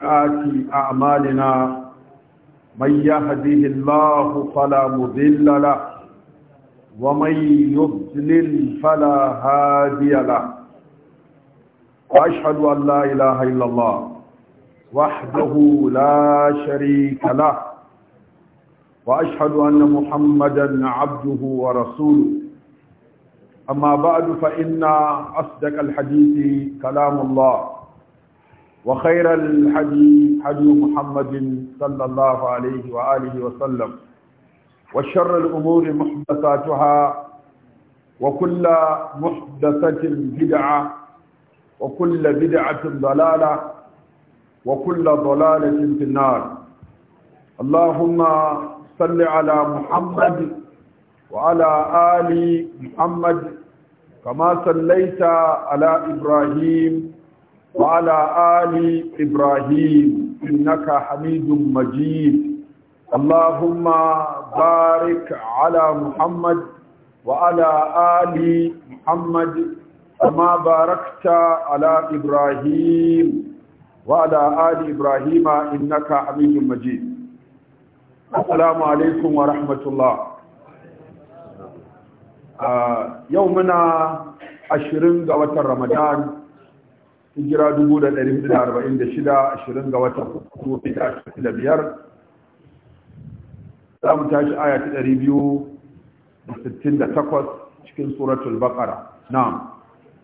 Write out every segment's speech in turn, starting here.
سيئات أعمالنا من يهده الله فلا مضل له ومن يضلل فلا هادي له وأشهد أن لا إله إلا الله وحده لا شريك له وأشهد أن محمدا عبده ورسوله أما بعد فإن أصدق الحديث كلام الله وخير الحديث حديث محمد صلى الله عليه وآله وسلم وشر الأمور محدثاتها وكل محدثة بدعة وكل بدعة ضلالة وكل ضلالة في النار اللهم صل على محمد وعلى آل محمد كما صليت على إبراهيم وعلى آل إبراهيم إنك حميد مجيد اللهم بارك على محمد وعلى آل محمد كما باركت على إبراهيم وعلى آل إبراهيم إنك حميد مجيد السلام عليكم ورحمة الله آه يومنا عشرين قوة رمضان hijira 1446 ashirin ga watan hudu da biyar za mu tashi aya ta 268 cikin suratul baqara na'am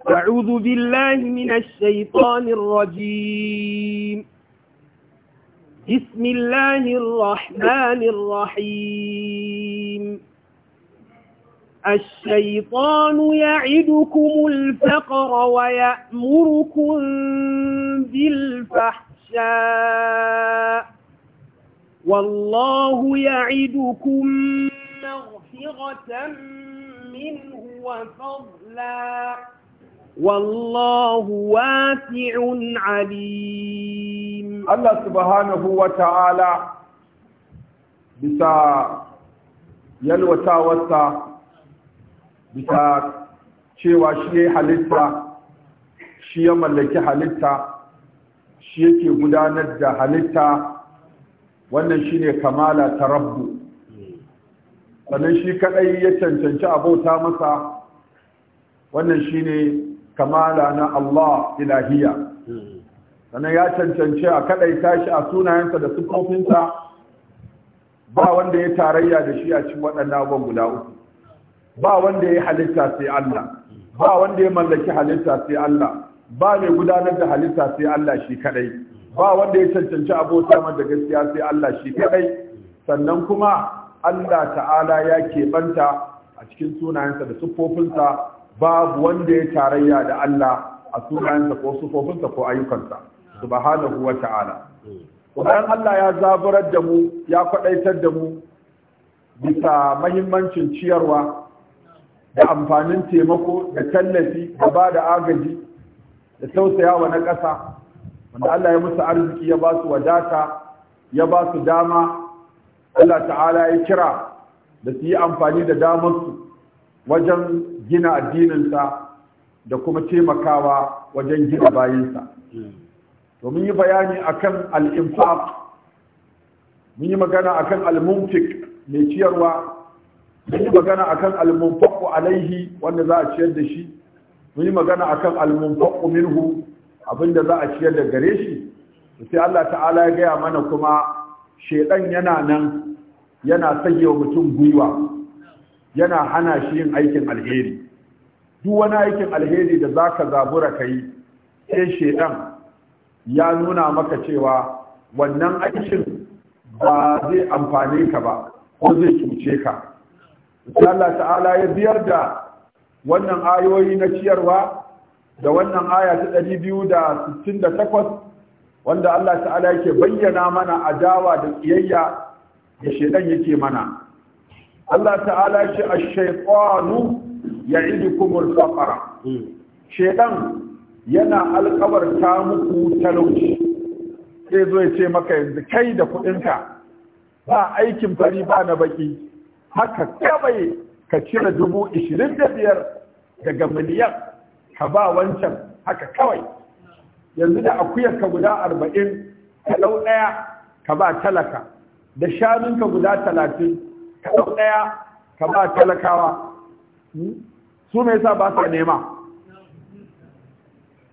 أعوذ بالله من الشيطان الرجيم بسم الله الرحمن الرحيم الشيطان يعدكم الفقر ويأمركم بالفحشاء والله يعدكم مغفرة منه وفضلا والله واسع عليم الله سبحانه وتعالى بسا يلوتا وسا bisa cewa shi ya halitta shi ya mallaki halitta shi yake gudanar da halitta wannan shi ne kamala ta rabbu sannan shi kadai ya cancanci abota masa wannan shi ne kamala na Allah ilahiya sannan ya cancanci a kadai tashi a sunayensa da sukofinsa ba wanda ya tarayya da shi a cikin waɗannan abubuwan guda uku ba wanda ya halitta sai Allah ba wanda ya mallaki halitta sai Allah ba mai gudanar da halitta sai Allah shi kadai ba wanda ya cancanci abota da gaskiya sai Allah shi kadai sannan kuma Allah ta'ala ya keɓanta a cikin sunayensa da siffofinsa babu wanda ya tarayya da Allah a sunayensa ko siffofinsa ko ayyukansa subhanahu wa ta'ala kuma Allah ya zaburar da mu ya faɗaitar da mu bisa mahimmancin ciyarwa da amfanin taimako da tallafi da ba da agaji da tausayawa na ƙasa wanda Allah ya musu arziki ya ba su wadata ya ba su dama Allah ta'ala ya kira da su yi amfani da damar su wajen gina addininsa da kuma taimakawa wajen gina bayinsa mun yi bayani akan al al-infaq mun yi magana akan al-mumtik mai ciyarwa mun yi magana akan al-munfaqu alaihi wanda za a ciyar da shi mun yi magana akan al-munfaqu minhu abinda za a ciyar da gare shi sai Allah ta'ala ya gaya mana kuma shedan yana nan yana sayyewa mutum gwiwa yana hana shi yin aikin alheri duk wani aikin alheri da za ka zabura kai sai shedan ya nuna maka cewa wannan aikin ba zai amfane ka ba ko zai cuce ka Allah ta'ala ya biyar da wannan ayoyi na ciyarwa da wannan aya ta 268 wanda Allah ta'ala yake bayyana mana adawa da kiyayya da shedan yake mana Allah ta'ala yake ash-shaytanu ya'idukumul faqra shedan yana alƙawarta muku talauci sai zo ya ce maka yanzu kai da kuɗinka ba aikin fari ba na baki haka kawai ka cire dubu ishirin da biyar daga miliyan ka ba wancan haka kawai yanzu da akuyar ka guda arba'in ka ɗau ɗaya ka ba talaka da shanunka guda talatin ka ɗau ɗaya ka ba talakawa hmm? su mai sa ba sa nema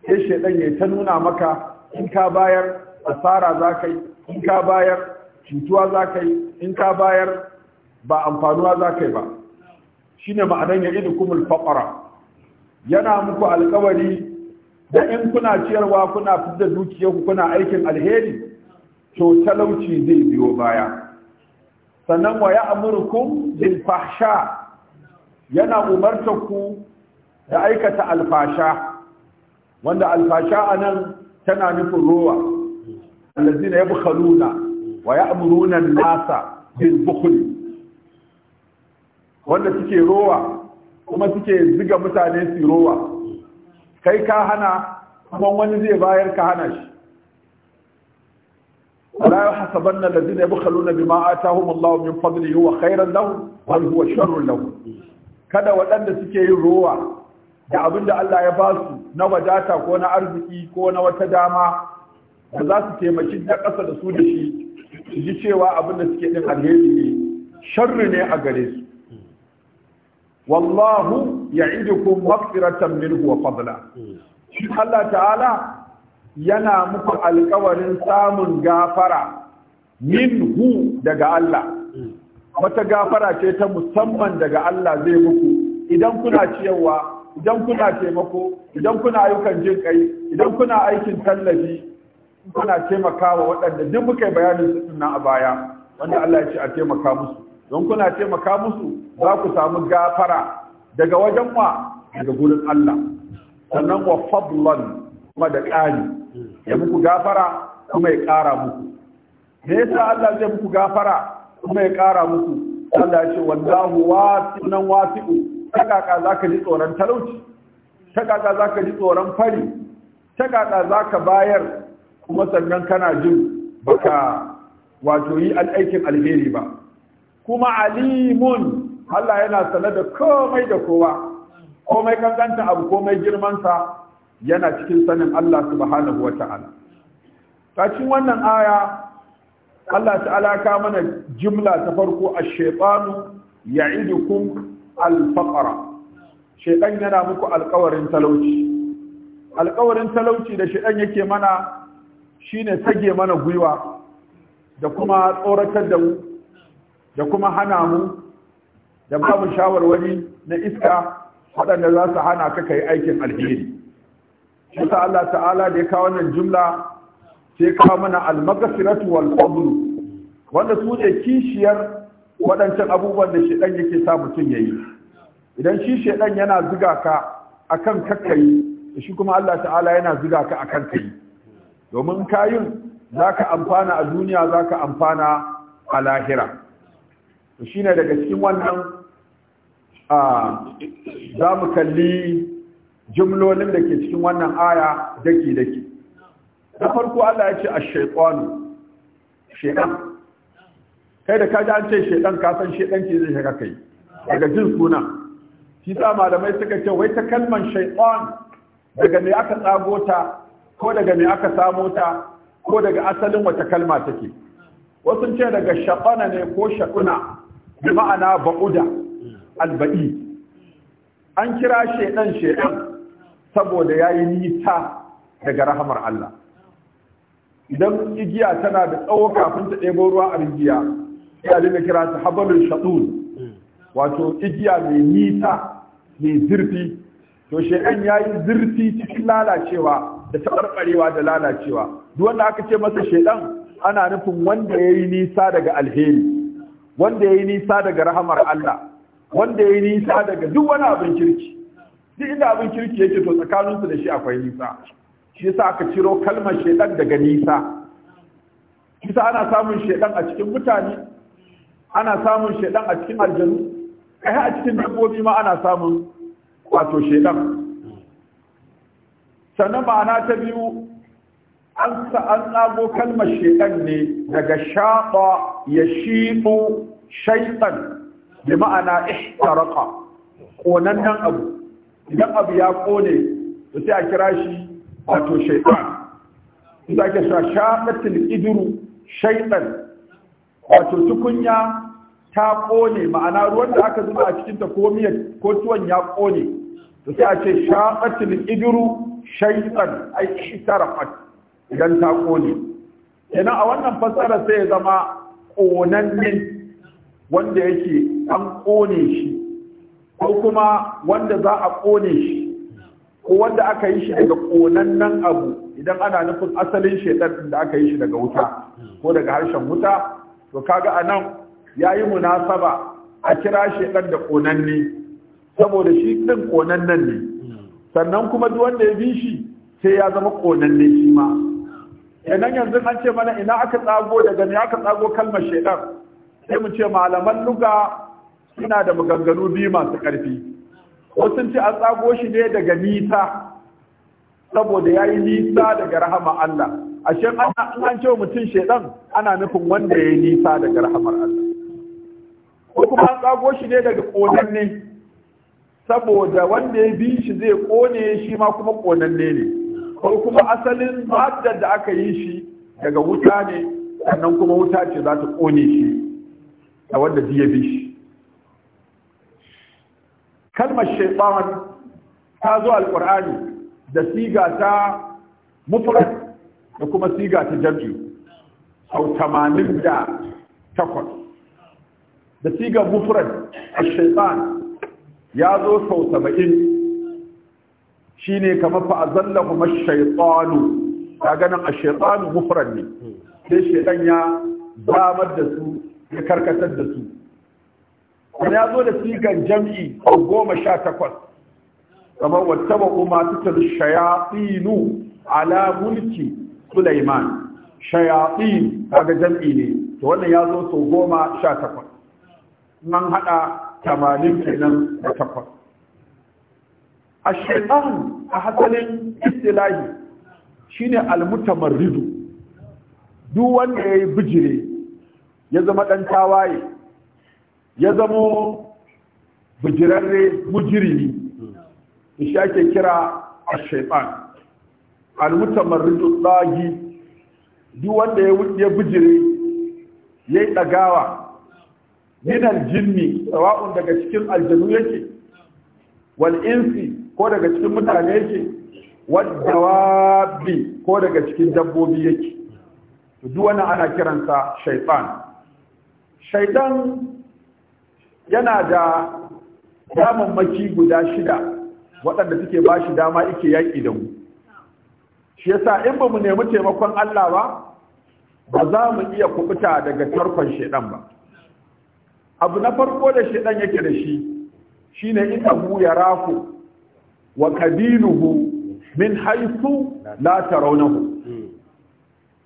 sai shaidan ya ta nuna maka in ka bayar asara za ka yi in ka bayar cutuwa za ka yi in ka bayar ba amfanuwa za ka yi ba shi ne ma'anan ya idu kumul faƙara yana muku alkawari da in kuna ciyarwa kuna fitar dukiyarku kuna aikin alheri to talauci zai biyo baya sannan wa ya'murukum bil fahsha yana umartar ku da aikata alfasha wanda alfasha a nan tana nufin ruwa allazina yabkhaluna wa ya'muruna an-nasa bil bukhl wanda suke rowa kuma suke ziga mutane su rowa kai ka hana kuma wani zai bayar ka hana shi wala yahsabanna alladhina yabkhaluna bima atahum Allahu min fadli huwa khairan lahum bal huwa sharrun lahum kada waɗanda suke yin rowa da abinda Allah ya ba su na wadata ko na arziki ko na wata dama da za su taimaki na ƙasa da su da shi su ji cewa abinda da suke ɗin alheri ne sharri ne a gare su wallahu ya'idukum maghfiratan minhu wa fadla Allah ta'ala yana muku alkawarin samun gafara minhu daga Allah wata gafara ce ta musamman daga Allah zai muku idan kuna ciyarwa idan kuna taimako idan kuna ayyukan jin idan kuna aikin tallafi kuna taimakawa waɗanda duk muka bayanin su nan a baya wanda Allah ya ce a taimaka musu don kuna taimaka musu za ku samu gafara daga wajen ma daga gurin Allah sannan wa fadlan kuma da ƙari ya muku gafara kuma ya ƙara muku me yasa Allah zai muku gafara kuma ya ƙara muku Allah ya ce wallahu wasi'un wasi'u ta zaka ji tsoron talauci ta zaka ji tsoron fari ta zaka bayar kuma sannan kana jin baka wato yi al'aikin alheri ba kuma alimun Allah yana sane da komai da kowa komai kankanta abu komai girmansa yana cikin sanin Allah subhanahu wa ta'ala cikin wannan aya Allah ta alaka mana jimla ta farko a shaytanu ya'idukum al-faqra shaytan yana muku alƙawarin talauci alƙawarin talauci da shaytan yake mana shine tage mana gwiwa da kuma tsoratar da mu da kuma hana mu da ba shawarwari na iska waɗanda za su hana ka kai aikin alheri shi Allah ta'ala da ya kawo wannan jumla sai kawo mana al-maghfiratu wal fadl wanda su ne kishiyar waɗancan abubuwan da shedan yake sa mutum yayi idan shi ɗan yana zuga ka akan kakkai shi kuma Allah ta'ala yana ziga ka akan kai domin kayin ka amfana a duniya za ka amfana a lahira to shine daga cikin wannan a za mu kalli jumlolin da ke cikin wannan aya daki daki na farko Allah ya ce ash-shaytanu shaytan kai da kaji an ce shaytan ka san shaytan zai shiga kai daga jin suna shi sa malamai suka ce wai ta kalman shaytan daga ne aka tsago ko daga ne aka samu ta ko daga asalin wata kalma take wasu ce daga shaƙana ne ko shaƙuna bi ma'ana ba'uda alba'i an kira shedan shedan saboda yayi nisa daga rahamar Allah idan igiya tana da tsawo kafin ta ɗebo ruwa a rigiya, ya dinga kira ta habalul shatul wato igiya mai nisa mai zurfi to shedan yayi zurfi cikin lalacewa da tabarbarewa da lalacewa duk wanda aka ce masa shedan ana nufin wanda yayi nisa daga alheri wanda ya yi nisa daga rahamar Allah wanda ya yi nisa daga duk wani abin kirki duk inda abin kirki yake to tsakaninsu da shi akwai nisa shi yasa aka ciro kalmar shaidan daga nisa kisa ana samun shaidan a cikin mutane ana samun shaidan a cikin aljanu kai a cikin dabbobi ma ana samun wato shaidan. sannan ma'ana ta biyu an tsago kalmar shaitan ne daga shaɓa ya shiɓo shaitan da ma'ana ishtaraka ƙonannen abu idan abu ya ƙone da sai a kira shi wato shaitan za ke sa shaɓatin iduru shaitan wato tukunya ta ƙone ma'ana ruwan da aka zuba a cikinta ko miyar ko tuwon ya ƙone da sai a ce shaɓatin iduru shaitan ai ishtarafat idan ta kone kenan a wannan fasara sai ya zama konanne wanda yake an kone shi ko kuma wanda za a kone shi ko wanda aka yi shi daga konannen abu idan ana nufin asalin shaidan da aka yi shi daga wuta ko daga harshen wuta to kaga anan yayi munasaba a kira shaidan da konanne saboda shi ɗin konannen ne sannan kuma duk wanda ya bi shi sai ya zama konanne shi ma kenan yanzu an ce mana ina aka tsago daga ne aka tsago kalmar shaidan sai mu ce malaman luga suna da maganganu biyu masu ƙarfi wasu ce an tsago shi ne daga nisa saboda ya yi nisa daga rahama Allah ashe an ce mutum shaidan ana nufin wanda ya yi nisa daga rahamar Allah ko kuma an tsago shi ne daga ƙonanne saboda wanda ya bi shi zai ƙone shi ma kuma ƙonanne ne ko kuma asalin maddar da aka yi shi daga wuta ne sannan kuma wuta ce za ta ƙone shi a wanda biye bi shi kalmar shaitan ta zo Alƙur'ani da siga ta mufrad da kuma siga ta jam'i sau 88 da siga mufrad a shaitan ya zo sau saba'in shine kamar fa azallahum ash-shaytanu ganin nan mufrad ne sai shaytan ya zamar da su ya karkatar da su ya zo da sigan jam'i goma sha takwas kamar wattaba kuma tutar shayatinu ala mulki Sulaiman shayatin kaga jam'i ne to wannan ya zo sau goma sha takwas nan haɗa tamanin kenan da takwas a shaitan a hasalin istilahi shine almutamarridu duk wanda ya yi bijire ya zama ɗan tawaye ya zama bijirarre mujirimi shi ake kira a shaitan almutamarridu tsagi duk wanda ya bijire ya yi ɗagawa min aljinni sawa'un daga cikin aljanu yake wal insi ko daga cikin mutane yake waddawabi ko daga cikin dabbobi yake duk wannan ana kiransa shaitan shaitan yana da damammaki guda shida waɗanda suke ba shi dama ike yaƙi da mu shi yasa in ba mu nemi taimakon Allah ba ba za mu iya kubuta daga tarkon shaidan ba abu na farko da shaidan yake da shi shine in abu ya rafu wa qabiluhu min haythu la tarawnahu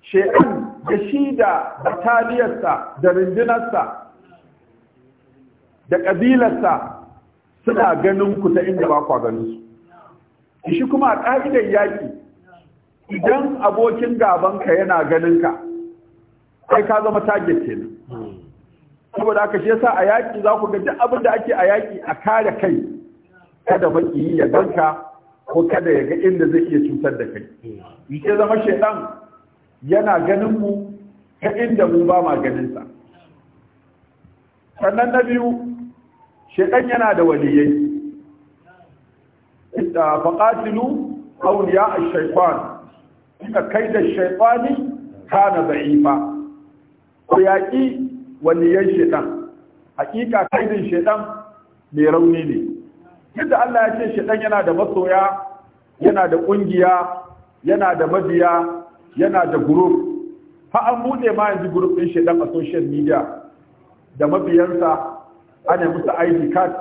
shay'an da shi da bataliyarsa da rundunarsa da kabilarsa suna ganin ku ta inda ba kwa ganin su shi kuma a ka'idar yaki idan abokin gabanka yana ganin ka kai ka zama target kenan saboda haka shi yasa a yaki za ku ga duk abin da ake a yaki a kare kai kada yi ya ganka ko kada ya ga inda zai iya cutar da kai Ike hmm. zama shaidan yana ganin mu ta inda mu ba ma ganinsa. sannan na biyu shaidan yana da waliyai inda faqatilu awliya a shaytan ina kai da shaytani kana da'ifa ko yaƙi waliyan shaidan hakika kaidin shaidan mai rauni ne yadda Allah ya ce dan yana da masoya yana da ƙungiya yana da mabiya yana da group ha an buɗe ma yanzu group ɗin shaitan a social media da mabiyansa ana musu ID card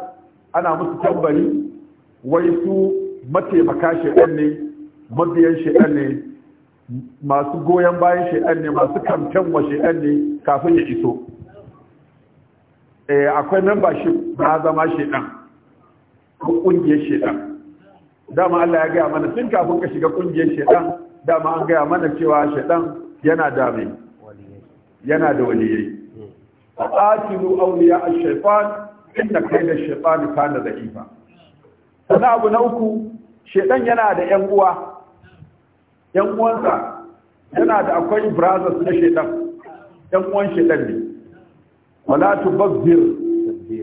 ana musu tambari wai su mataimaka dan ne mabiyan dan ne masu goyon bayan dan ne masu kamfen wa dan ne kafin ya iso eh, akwai membership na zama shiɗan. ko kungiyar shedan dama Allah ya gaya mana tun kafin ka shiga kungiyar shedan dama an gaya mana cewa shedan yana da mai yana da waliyai fa'atilu a ash-shaytan inna kayda ash-shaytan kana da'ifa sana abu na uku shedan yana da yan uwa yan uwansa yana da akwai brothers na shedan yan uwan shedan ne wala tubazzir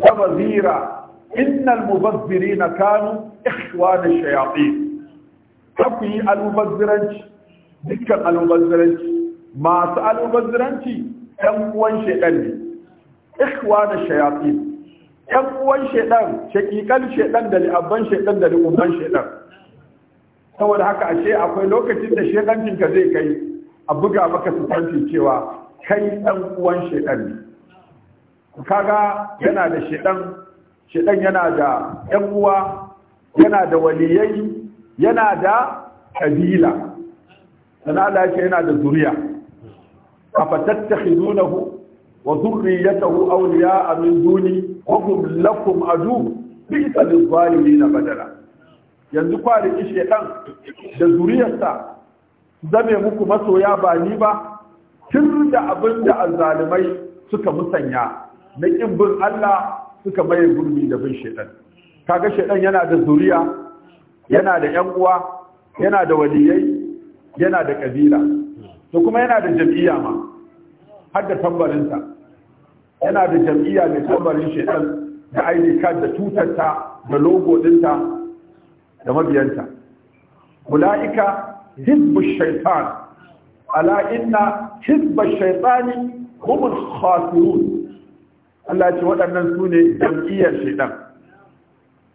tabzira innal mubazzirina kanu ikhwana shayatin kafi yi almubazziranci dukkan almubazziranci masu almubazziranci ɗan uwan shaidan ne ikhwana shayatin ɗan uwan shaidan shakikan shaidan da li'abban shaidan da li'umman shaidan saboda haka ashe akwai lokacin da shaidancin ka zai kai a buga maka sufanci cewa kai ɗan uwan shaidan ne kaga yana da shaidan shedan yana da yan uwa yana da waliyai yana da kabila sana Allah yana da zuriya afatattakhidunahu wa dhurriyyatahu awliya'a min duni wa hum lakum adu bisa na badala yanzu kwari kishe da zuriyarsa zame muku masoya ba ni ba tun da abin da suka musanya na ƙin bin Allah suka maye gurbi da bin shaitan kaga shaitan yana da zuriya yana da yan uwa yana da waliyai yana da kabila to kuma yana da jam'iyya ma har da tambarinsa yana da jam'iyya mai tambarin shaitan da ID card da tutarta da logo dinta da mabiyanta ulaika hizbu shaitan ala inna hizba shaitani humul khasirun Allah ce waɗannan su ne jam'iyyar shaidan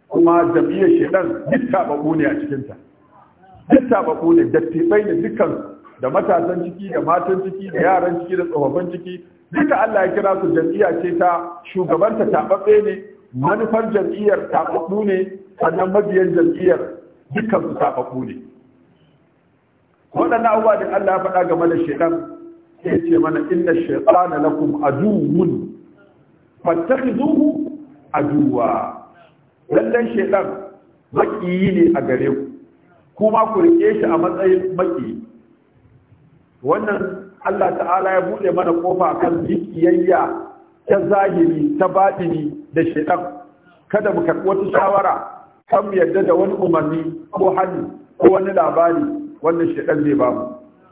kuma jam'iyyar shaidan duk tabaku ne a cikinta duk tabaku ne dattibai ne dukkan da matasan ciki da matan ciki da yaran ciki da tsofaffin ciki duka Allah ya kira su jam'iyya ce ta shugabanta tababbe ne manufar jam'iyyar tababbu ne sannan mabiyan jam'iyyar dukkan su tababbu ne waɗannan abubuwa da Allah ya faɗa game da shaidan sai ce mana inna shaitana lakum aduwwun fattakhizuhu aduwa lallan shaytan makiyi ne a gare ku kuma ku rike shi a matsayin maki wannan Allah ta'ala ya bude mana kofa kan zikiyayya ta zahiri ta batini da shaytan kada mu karɓi wata shawara kan mu yarda da wani umarni ko hali ko wani labari wannan shaytan zai ba mu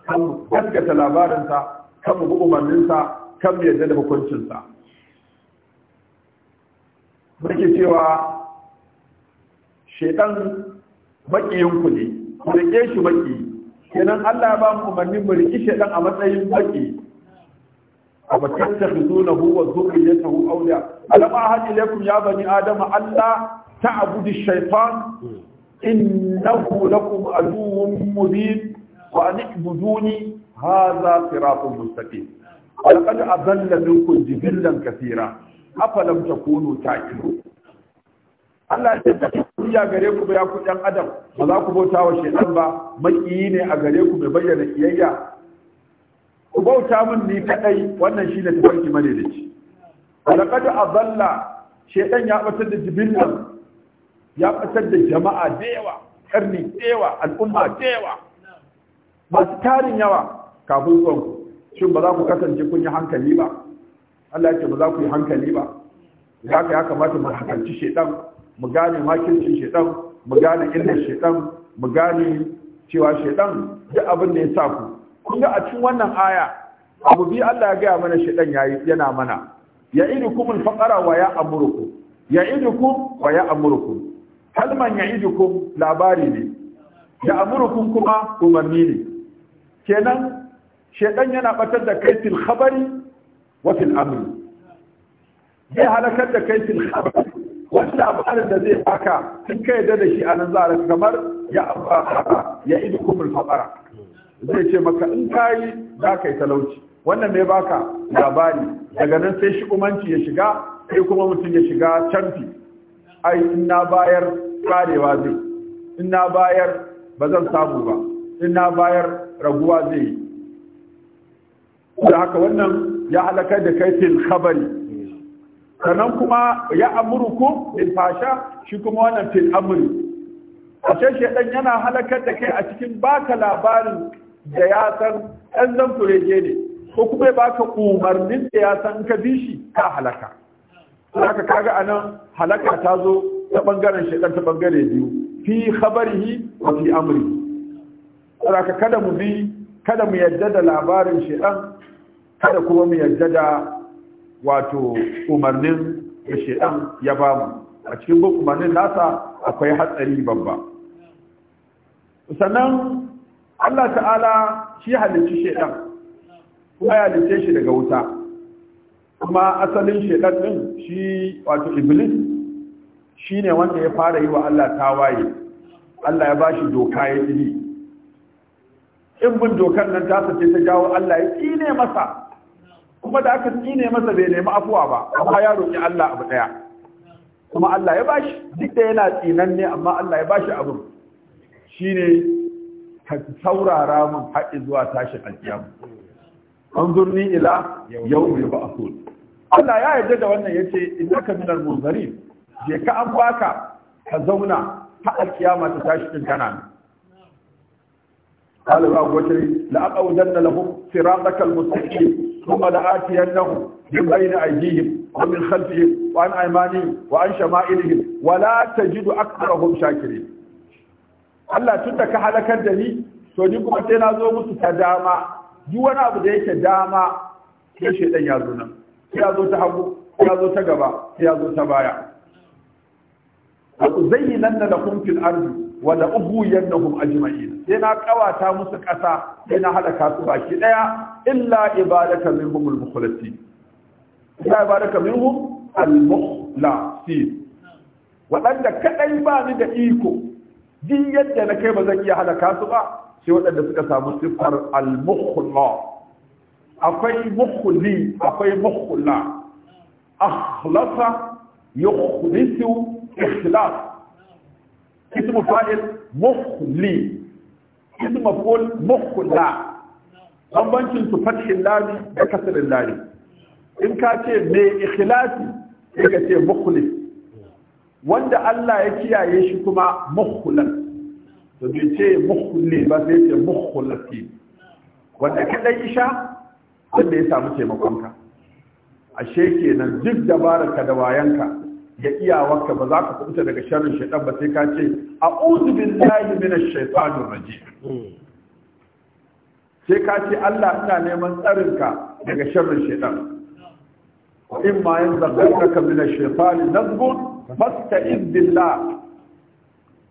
kan mu gaskata labarinsa kan mu bi umarninsa kan mu yarda da hukuncinsa muke cewa shaitan makiyinku ne ku rike shi maki kenan Allah ba mu umarni mu rike shaitan a matsayin maki a matattakhizunahu wa dhurriyyatahu awliya alam ahad ilaykum ya bani adama allah ta'budu ash-shaytan innahu lakum aduwwun mubin wa an ibuduni hadha siratun mustaqim ولقد أضل منكم جبلا كثيرا afalam takunu taqilu Allah ya tafi ya gare ku ya ku dan adam ba za ku bauta wa shaytan ba maki ne a gare ku bai bayyana kiyayya ku bauta mun ni kadai wannan shine tafarki madaidaici laqad adalla shaytan ya batar da jibilan ya batar da jama'a da yawa karni da yawa al'umma da yawa masu tarin yawa kafin zuwan ku shin ba za ku kasance kun yi hankali ba Allah ya ce ba za ku yi hankali ba da haka ya kamata mu hakanci shedan mu gane makincin shedan mu gane inda shedan mu gane cewa shedan duk abin da ya sa ku kun ga a cikin wannan aya abu bi Allah ya gaya mana shedan yayi yana mana ya idukum al-faqara wa ya amurukum ya idukum wa ya amurukum man ya idukum labari ne ya amurukum kuma umarni ne kenan shedan yana batar da kaitil khabari wafin amri zai halakar da kai fil khabar wanda da zai haka in kai da shi anan nan zara kamar ya ya idu kumul fabara zai ce maka in kayi za ka yi talauci wannan mai baka labari daga nan sai shi umanci ya shiga sai kuma mutum ya shiga canfi ai in na bayar karewa zai in na bayar ba samu ba in na bayar raguwa zai yi da haka wannan ya halakar da kai fil khabari sannan kuma ya amurukum in fasha shi kuma wannan fil amri shi dan yana halakar da kai a cikin baka labarin da ya san ɗan zan kurege ne ko kuma ya baka umarnin da ya san ka bi shi ka halaka haka kaga anan halaka ta zo ta bangaren shedan ta bangare biyu fi khabarihi wa fi amri kada mu bi kada mu yadda da labarin shedan kada kuma mu yarda da wato umarnin da shedan ya bamu a cikin bin umarnin nasa akwai hatsari babba sannan Allah ta'ala shi halicci shedan kuma ya halicce shi daga wuta kuma asalin shedan din shi wato iblis shine wanda ya fara yi wa Allah tawaye Allah ya bashi doka ya yi in bin dokar nan ta sace ta jawo Allah ya tsine masa kuma da aka tsine masa bai nemi afuwa ba amma ya roƙi Allah abu daya kuma Allah ya bashi duk da yana tsinan ne amma Allah ya bashi abin shine ka saurara mun haƙi zuwa tashin alkiyama anzurni ila yawmi ba'thun Allah ya yarda da wannan yace innaka minal munzirin je ka an baka ka zauna ta alƙiyama ta tashi din kana nan قال ابو بكر لا اقعدن لهم صراطك المستقيم ثم لآتينهم من بين أيديهم ومن خلفهم وعن أيمانهم وعن شمائلهم ولا تجد أكثرهم شاكرين الله تدك halakar da ni to ni kuma sai na zo musu ta dama duk wani abu da yake dama sai shedan ya zo ya zo ta ya zo ta gaba sai zai yi ta da aku zayyana ardi wala ubuyannahum ajma'in sai na ƙawata musu ƙasa sai na halaka su baki daya illa ibadaka minhum al-mukhlasin illa ibadaka minhum al-mukhlasin wadanda kadai ba ni da iko din yadda na kai ba zan iya halaka su ba sai wadanda suka samu sifar al-mukhla akwai mukhli akwai mukhla akhlasa yukhlisu ikhlas اسم فاعل مخلي اسم مفعول مخلا bambancin su fathin lami da kasirin lami in ka ce mai ikhlasi sai ka wanda Allah ya kiyaye shi kuma mukhulan to bai ce mukhli ba sai ce mukhulati wanda kadai isha wanda ya samu taimakonka ashe kenan duk dabararka da wayanka ga iyawarka ba za ka kubuta daga sharrin shaitan ba sai ka ce a'udhu layi minash shaitanir rajim sai ka ce Allah ina neman tsarinka daga sharrin shaitan wa in ma yanzaghaka minash shaitani nazghun fasta'id billah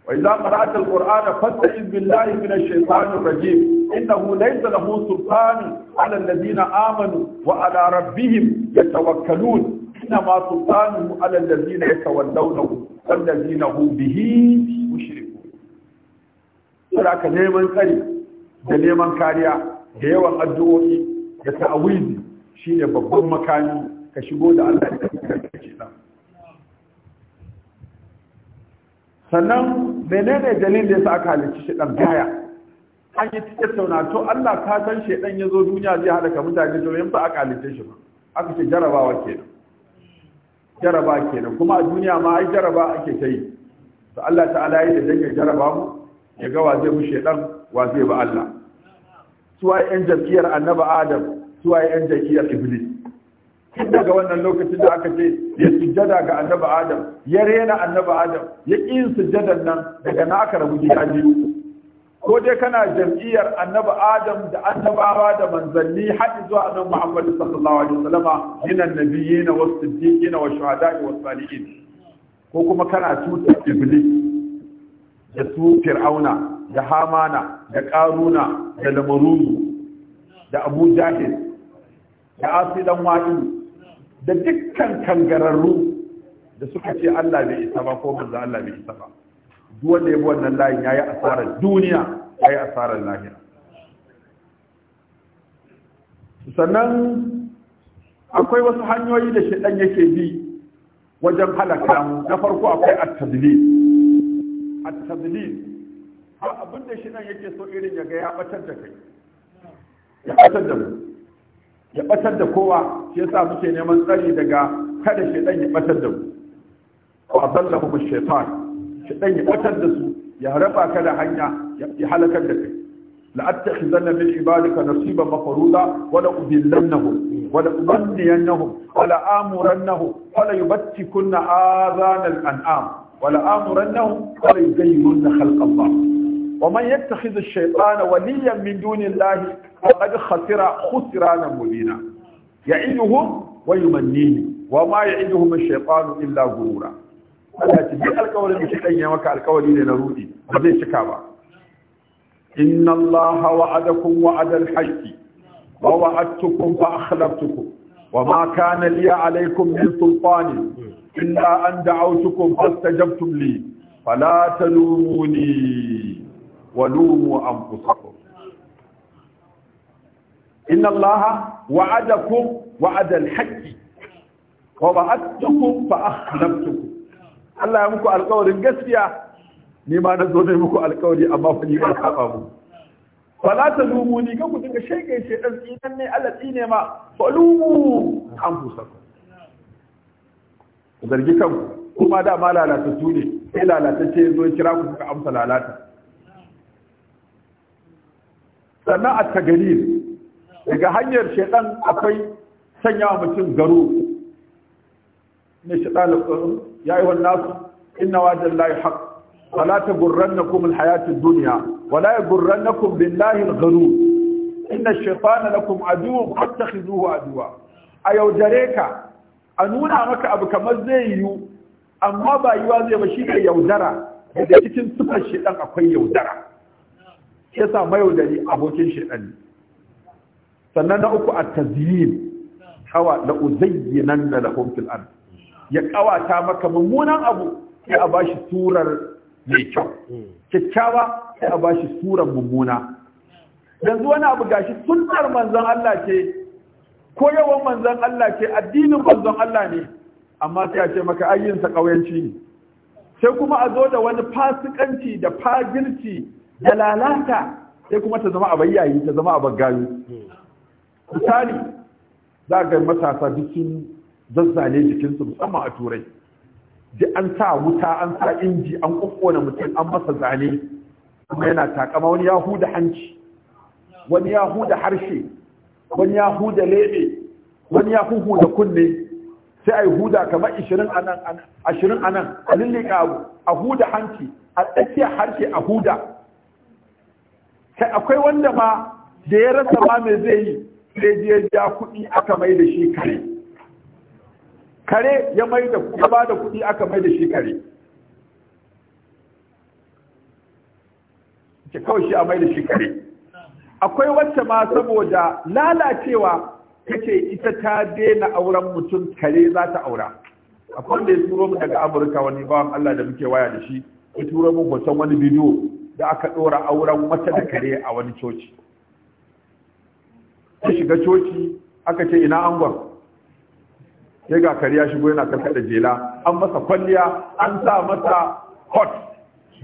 وإذا قرأت القرآن فاستعذ بالله من الشيطان الرجيم إنه ليس له سلطان على الذين آمنوا وعلى ربهم يتوكلون إنما سلطانه على الذين يتولونه والذين هم به مشركون فلاك نيمان كري da neman kariya da yawan addu'o'i da ta'awizi shine babban makami ka shigo da Allah da kake da sannan menene dalilin da yasa aka halicci shedan gaya an yi tattauna to Allah ka san shedan ya zo duniya zai halaka mutane to yin ba aka halicce shi ba aka ce jarabawa kenan jaraba kenan kuma a duniya ma ai jaraba ake ta yi to Allah ta'ala yi da dangin jaraba mu ya ga wa zai mu shedan wa zai ba Allah suwaye yan jam'iyyar annaba adam suwaye yan jam'iyyar iblis tun daga wannan lokacin da aka ce ya sujjada ga annabi adam ya rena annabi adam ya ƙi sujjadan nan daga na aka rabu ko dai kana jam'iyyar annabi adam da annabawa da manzanni har zuwa nan muhammadu sallallahu alaihi wasallama min annabiyina was siddiqin wa shuhada'i wasu salihin ko kuma kana tuta iblis da su fir'auna da hamana da karuna da lamaruzu da abu jahil da asilan wadi da dukkan kangararru da suka ce Allah bai isa ba ko manzo Allah bai isa ba duk wanda ya bi wannan layin yayi asarar duniya yayi asarar lahira sannan akwai wasu hanyoyi da shedan yake bi wajen halaka mu na farko akwai at-tadlil at-tadlil abin da shedan yake so irin ya ga ya batar da kai ya batar da mu ya batar da kowa shi yasa suke neman tsari daga kada shaitan ya batar da mu wa dallahu shaitan shaitan ya batar da su ya raba ka da hanya ya halakar da kai لأتخذن من عبادك نصيبا مفروضا ولا أذلنهم ولا أمنينهم ولا آمرنهم ولا يبتكن آذان الأنعام ولا آمرنهم ولا يغيرن خلق الله ومن يتخذ الشيطان وليا من دون الله فقد خسر خسرانا مبينا يعدهم ويمنيهم وما يعدهم الشيطان الا غرورا ان الله وعدكم وعد الحج ووعدتكم فاخلفتكم وما كان لي عليكم من سلطان الا ان دعوتكم فاستجبتم لي فلا تلوموني walumu anfusakum inna allaha wa'adakum wa'ada al-haqqi wa ba'attukum fa akhlaftukum Allah ya muku alƙawarin gaskiya ni ma na zo ne muku alƙawari amma fa ni ba saba mu fala ta lumu ni kan dinga shege shi dan ne Allah tsine ma fa lumu anfusakum ku zargi kanku kuma da ma sai zo ya kira ku kuka amsa lalata sannan a tagarir daga hanyar shaidan akwai sanya mutum garo ne shaidan ya yi wannan su inna wajen layi haƙ wala ta gurran na kuma hayatun duniya wala ya gurran gurranna kuma billahi garu inna shaitana lakum aduwa hatta khizuhu aduwa a yaudare ka a nuna maka abu kamar zai yiwu amma ba yiwa zai ba shi ne yaudara daga cikin sufar shaidan akwai yaudara yasa mayaudari abokin shaidan sannan na uku a tazirin hawa la uzayyinan da fil ard ya kawata maka mummunan abu sai a bashi turar mai kyau kyakkyawa sai a bashi turar mummuna yanzu wani abu gashi sunnar manzon Allah ce yawan manzon Allah ce addinin manzon Allah ne amma sai a ce maka ayyinsa kauyanci ne sai kuma a zo da wani fasikanci da fagilci da lalata sai kuma ta zama a bayyayi ta zama a bagayo misali za ga matasa duk sun zazzale jikinsu musamman a turai duk an sa wuta an sa inji an kukkona mutum an masa zane kuma yana takama wani ya huda hanci wani ya huda harshe wani ya huda lebe wani ya da kunne sai a yi huda kamar ashirin a nan a lullika a huda hanci a tsakiyar harshe a huda kai akwai wanda ma da ya rasa ma me zai yi sai je ya kuɗi aka mai da shi kare kare ya mai da ya ba da kuɗi aka mai da shi kare ke kawai shi a mai da shi kare akwai wacce ma saboda lalacewa kace ita ta daina auren mutum kare za ta aura akwai wanda ya turo mu daga amurka wani bawan allah da muke waya da shi ya turo mu hoton wani bidiyo da aka ɗora auren wata da kare a wani coci ta shiga coci aka ce ina angon sai ga kare ya shigo yana karkada jela an masa kwalliya an sa masa hot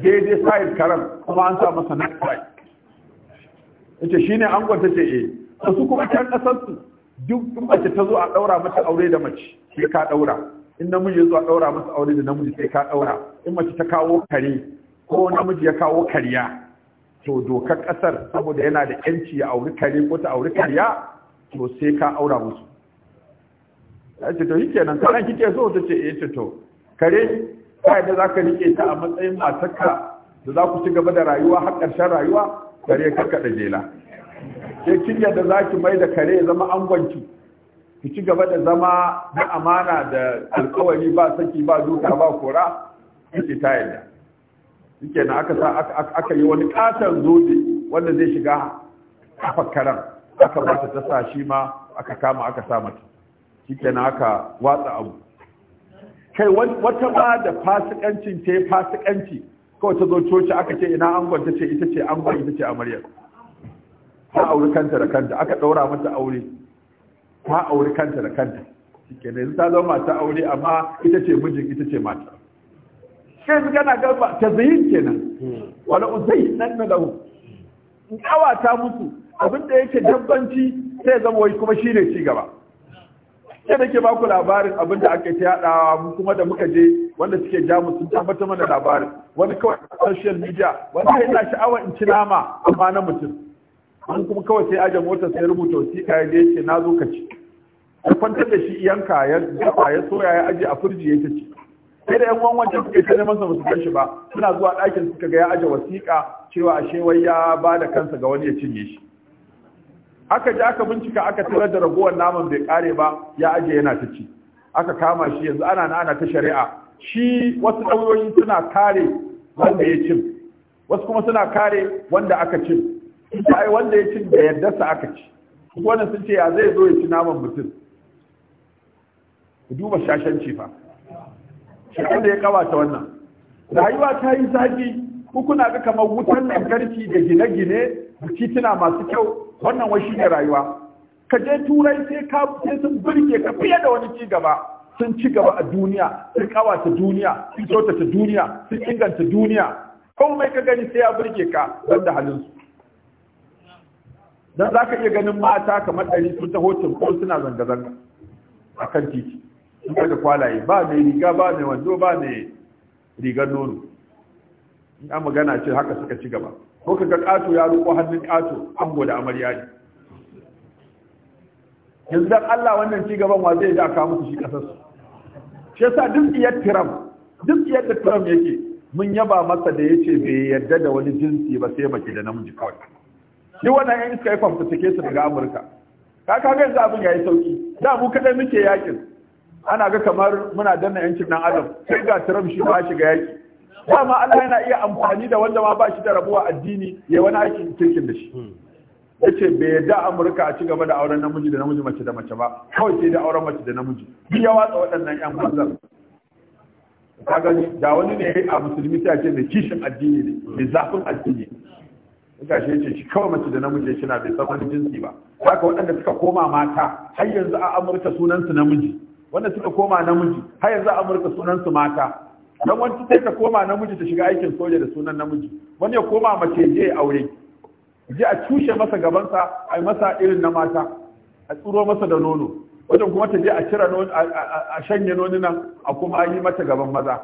daidai sahib karam kuma an sa masa necktie shi ne angon tace eh su kuma can kasar su duk mace ta zo a daura mata aure da mace sai ka daura in namiji ya zo a daura masa aure da namiji sai ka daura in mace ta kawo kare ko namiji ya kawo kariya, to dokar ƙasar saboda yana da yanci ya auri kare ko ta auri kariya to sai ka aura musu ya ce to yake nan kanan kike so ta ce eh to kare ka da za ka rike ta a matsayin matarka da za ku ci gaba da rayuwa har ƙarshen rayuwa kare ka kaɗa jela ke kin yadda za ki mai da kare ya zama angonki ki ci gaba da zama na amana da alkawari ba saki ba duka ba kora ki ta yadda suke na aka sa aka yi wani katon zobe wanda zai shiga kafakaran aka bata ta sa shi ma aka kama aka sa mata suke na aka watsa abu kai wata ba da fasikancin ta fasikanci kawai ta zo coci aka ce ina angon ta ce ita ce angon ita ce amarya ta auri kanta da kanta aka ɗaura mata aure ta auri kanta da kanta na yanzu ta zama mata aure amma ita ce mijin ita ce mata sai su gana garba ta zayin kenan wala usai nan na lahu in ta musu abin da yake dabbanci sai zama wai kuma shine ci gaba sai da ke ba ku labarin abin da aka ta yada mu kuma da muka je wanda suke ja mu sun tabbata mana labarin wani kawai social media wani yana sha'awa in ci nama amma na mutum an kuma kawai sai aje motar sai rubuta wasiƙa ya ce na zo ka ci A kwantar da shi iyanka ya ya soya ya aje a firji ya ta ci sai da yan uwan wancan suke ta neman sa su kai shi ba suna zuwa ɗakin suka ga ya aje wasiƙa cewa ashe wai ya ba da kansa ga wani ya cinye shi aka ji aka bincika aka tarar da ragowar naman bai kare ba ya aje yana ta ci aka kama shi yanzu ana na ana ta shari'a shi wasu ɗauyoyi suna kare wanda ya cin wasu kuma suna kare wanda aka cin ai wanda ya cin da yadda sa aka ci wannan sun ce ya zai zo ya ci naman mutum Ku duba shashanci fa shi da ya kawata wannan rayuwa ta yi zafi kuna ga kamar wutan lantarki da gine-gine da titina masu kyau wannan wani shi ne rayuwa ka je turai sai ka sai sun birge ka fiye da wani ci gaba sun ci gaba a duniya sun kawata duniya sun kyautata duniya sun inganta duniya komai ka gani sai ya birge ka don da halin su dan za ka iya ganin mata kamar ɗari sun ta hotun ko suna zanga-zanga a kan titi in da kwalaye ba mai riga ba mai wando ba mai rigar nono in an magana ce haka suka ci gaba ko kaga kato ƙato ya roƙo hannun ƙato an goda amarya ne yanzu dan Allah wannan ci gaban wa zai ja ka musu shi kasar su shi yasa duk iyar tiram duk iyar da tiram yake mun yaba masa da yace bai yarda da wani jinsi ba sai mace da namiji kawai shi wannan yan iska ya kwamfuta take su daga Amurka ka kaga yanzu abin yayi sauki da mu kada muke yakin ana ga kamar muna danna yancin dan adam sai ga Trump shi ba shiga yaki dama Allah yana iya amfani da wanda ma ba shi da rabuwa addini ya wani aikin kirkin da shi yace bai yadda Amurka a ci gaba da auren namiji da namiji mace da mace ba kawai sai da auren mace da namiji bi ya watsa waɗannan yan banzan ka gani da wani ne a musulmi sai ce mai kishin addini ne mai zafin addini ga shi yace shi kawai mace da namiji shi na bai san jinsi ba haka waɗanda suka koma mata har yanzu a Amurka sunan su namiji wanda suka koma namiji har yanzu a amurka sunan su mata dan wani sai ta koma namiji ta shiga aikin soja da sunan namiji wani ya koma mace je aure je a cushe masa gabansa a masa irin na mata a tsuro masa da nono wajen kuma ta je a cira nono a shanye nonunan a kuma yi mata gaban maza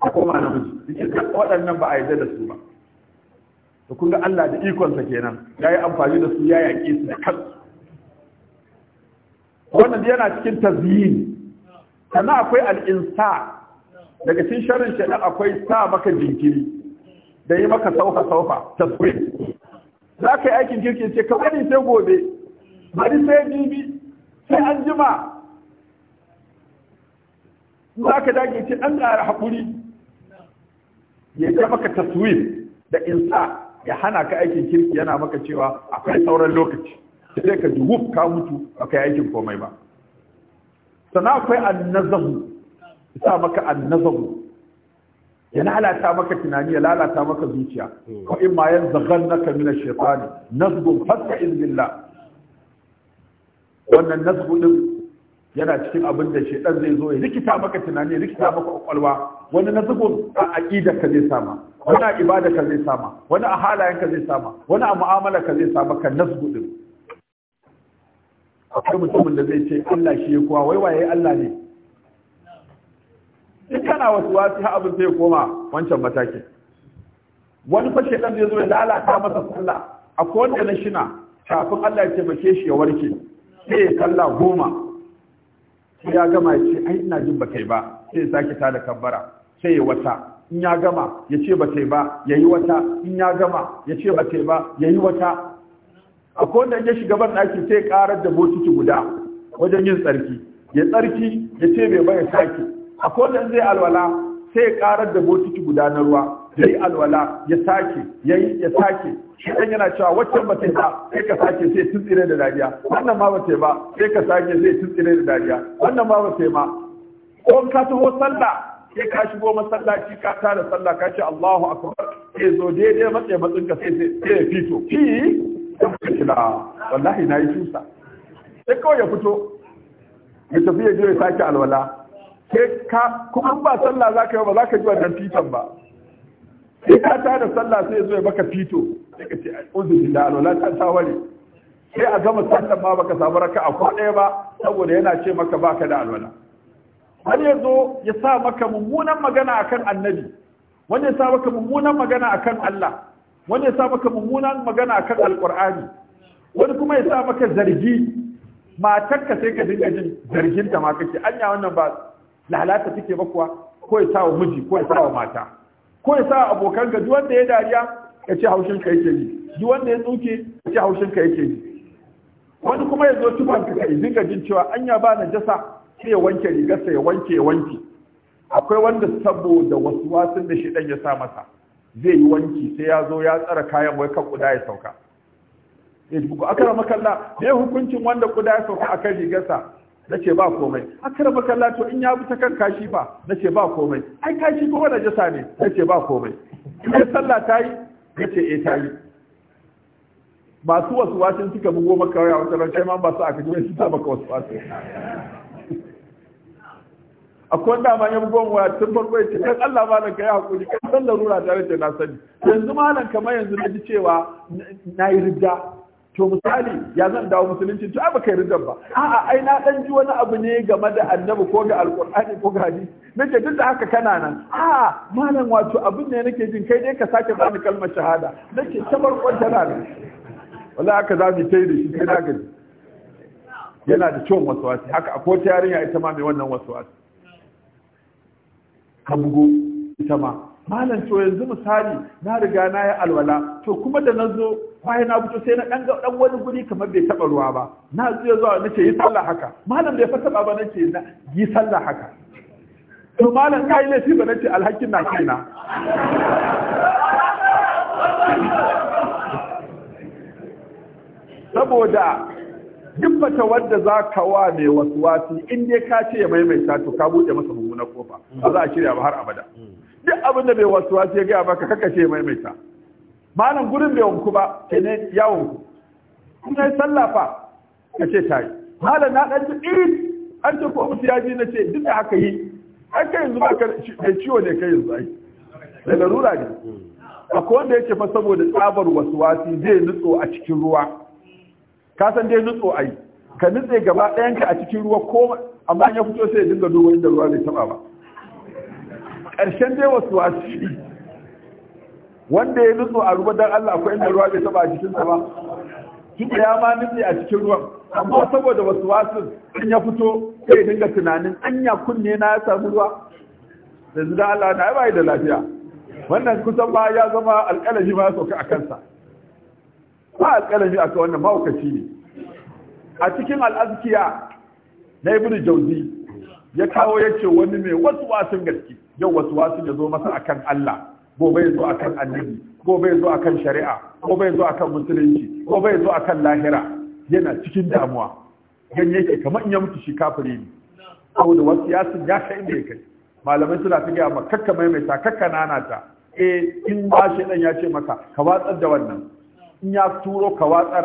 a koma namiji yake waɗannan ba a yarda da su ba to kun ga Allah da ikonsa kenan yayi amfani da su ya yaƙi su da kansu wannan yana cikin tazyin sannan akwai al'insa daga cikin sharin shaɗan akwai sa maka jinkiri da yi maka sauka sauka taswir za ka yi aikin kirkin ce ka bari sai gobe bari sai bibi sai an jima za ka dage ce an gara haƙuri ya ta maka taswir da insa ya hana ka aikin kirki yana maka cewa akwai sauran lokaci sai ka ji wuf ka mutu ba ka aikin komai ba sana akwai annazahu sa maka annazahu ya lalata maka tunani ya lalata maka zuciya ko in ma yan zagan naka min ash-shaytani nazbun fatta illallah wannan nazbu din yana cikin abin da shedan zai zo ya rikita maka tunani likita rikita maka kwakwalwa wani nazbu a aqida ka zai sama wani a ibada ka zai sama wani a halayen ka zai sama wani a mu'amala ka zai sama ka nazbu din akwai mutumin da zai ce Allah shi ya kowa wai waye Allah ne in kana wasu wasu ha abin zai koma wancan mataki wani fashe dan zai zo ya lalata masa sallah akwai wanda na shina kafin Allah ya taimake shi ya warke sai ya sallah goma sai ya gama ya ce ai ina jin ba kai ba sai ya sake tada kabbara sai ya wata in ya gama ya ce ba kai ba ya yi wata in ya gama ya ce ba kai ba ya wata akwai wanda ya shiga ban ɗaki sai karar da botiki guda wajen yin tsarki ya tsarki ya ce bai bai sake akwai wanda zai alwala sai karar da botiki guda na ruwa ya yi alwala ya sake ya yi ya sake shi dan yana cewa waccan ba ta sai ka sake sai tsire da dariya wannan ma ba ta ba sai ka sake sai tsire da dariya wannan ma ba ta ma ko ka taho sallah sai ka shigo masallaci ka tara sallah ka ce Allahu akbar sai zo daidai matsayin matsinka sai sai fito shi wallahi na yi tusa sai kawai ya fito ya tafi ya je ya sake alwala sai ka kuma ba sallah za ka yi ba za ka ji wannan fitan ba sai ka ta da sallah sai ya zo ya baka fito sai ka ce uzuri da alwala ta ta ware sai a gama sallah ma baka samu raka a kwaɗaya ba saboda yana ce maka baka da alwala wani ya zo ya sa maka mummunan magana akan annabi wani ya sa maka mummunan magana akan Allah wani ya sa maka mummunan magana akan alkur'ani wani kuma ya sa maka zargi matarka sai ka dinga jin zarginta ma kake anya wannan ba lalata take ba kuwa ko ya sa wa miji ko ya sa wa mata ko ya sa abokan ga duk wanda ya dariya ya ce haushin ka yake yi duk wanda ya tsuke ya ce haushin ka yake yi wani kuma ya zo tufan ka kai dinga jin cewa anya ba na jasa sai ya wanke rigarsa ya wanke ya wanke akwai wanda saboda wasu wasun da shi dan ya sa masa zai yi wanki sai ya zo ya tsara kayan wai kan kuda ya sauka ya ji buku akara makalla ya hukuncin wanda kuda ya sauka a kan rigarsa na ce ba komai akara makalla to in ya bi ta kan kashi ba na ce ba komai ai kashi ko wani jasa ne na ce ba komai in sallah ta yi na ce eh ta yi masu wasu wasu suka bugo maka waya wata ran kai ma ba su aka ji wai su ta maka wasu wasu akwai wanda ma yan gwamwa tun farko ya ce kan Allah malam ka yi hakuri kan san larura tare da na sani yanzu malam kamar yanzu na ji cewa na yi rida to misali ya zan dawo musulunci to ba kai rida ba a'a ai na dan ji wani abu ne game da annabi ko ga alqur'ani ko ga hadisi nake duk da haka kana nan a'a malam wato abin ne nake jin kai dai ka sake bani kalmar shahada nake ta farkon tana nan wallahi haka za mu tayi da shi kai na gani yana da ciwon wasu haka akwai yarinya ita ma mai wannan wasu wasu. ka bugo ita ma malam to yanzu misali na riga na yi alwala to kuma da na zo bayan na fito sai na dan dan wani guri kamar bai taba ruwa ba na zo ya na nace yi sallah haka malam bai fata ba nace na yi sallah haka to malam kai laifi ba nace alhakin na kaina saboda duk mace wadda za ka wa mai wasuwasi in dai ka ce ya maimaita to ka buɗe masa mummunar kofa ba za a shirya ba har abada duk abin da mai wasuwasi ya gaya baka kaka ce ya maimaita malam gurin bai wanku ba kenan ya wanku kuma ya sallafa ka ce ta yi malam na ɗan ji irin an ce ko mutu ya ji na ce duk da haka yi an kai yanzu ba ka ciwo ne kai yanzu ai da larura ne akwai wanda yake fa saboda tsabar wasuwasi zai nutso a cikin ruwa ka san dai nutso ai ka nutse gaba ɗayan ka a cikin ruwa ko amma ya fito sai ya dinga duba inda ruwa bai taba ba ƙarshen dai wasu wasu wanda ya nutso a ruwa dan Allah akwai inda ruwa bai taba a cikin sa ba kika ya ma nutse a cikin ruwan amma saboda wasu wasu in ya fito sai ya dinga tunanin anya kunne na ya samu ruwa yanzu da Allah na ba da lafiya wannan kusan ba ya zama alƙalaji ma ya sauka a kansa ba alƙalami a wannan mahaukaci ne a cikin al'azkiya na da jauzi ya kawo ya ce wani mai wasu wasun gaske yau wasu wasun ya zo masa akan Allah gobe ya zo a kan annabi gobe ya zo a kan shari'a ko ya zo a kan musulunci gobe ya zo a kan lahira yana cikin damuwa gan yake kamar ya mutu shi kafiri ne da wasu yasin ya kai inda ya kai malamai suna ta gaya ma kakka maimaita kakka nanata eh in ba shi dan ya ce maka ka watsar da wannan in ya turo ka watsar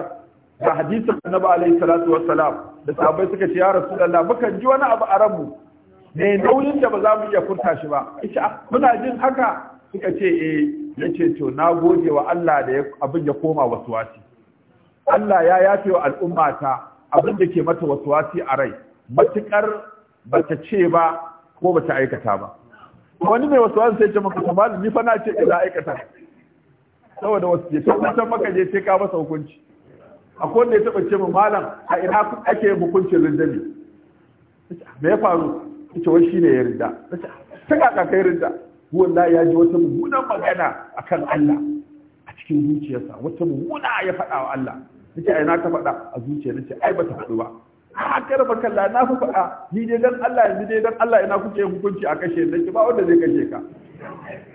da hadisin annabi alayhi salatu wassalam da sahabbai suka ce ya rasulullah mukan ji wani abu a ranmu ne nauyin da ba za mu iya furta shi ba yace ah, muna jin haka suka ce eh yace to na gode wa Allah da abin ya koma wasuwasi Allah ya yafe wa al'ummata abin da ke mata wasuwasi a rai matukar bata ce ba ko bata aikata ba wani mai wasuwasi sai ce maka to malami fa na ce ina aikata saboda wasu ya tabbatar maka je sai ka masa hukunci akwai wanda ya taba ce mu malam a ina ake hukuncin rindami ah, me ya faru ita wai shine ya rinda ah, ta kaka kai rinda wallahi ya ji wata mummunan magana akan Allah a cikin zuciyarsa wata mummuna ya faɗa wa Allah nace a ina ta faɗa a zuciya nace ai bata faɗu ba a karba kalla na fi faɗa ni dai dan Allah yanzu dai dan Allah ina kuke hukunci a kashe nake ba wanda zai kashe ka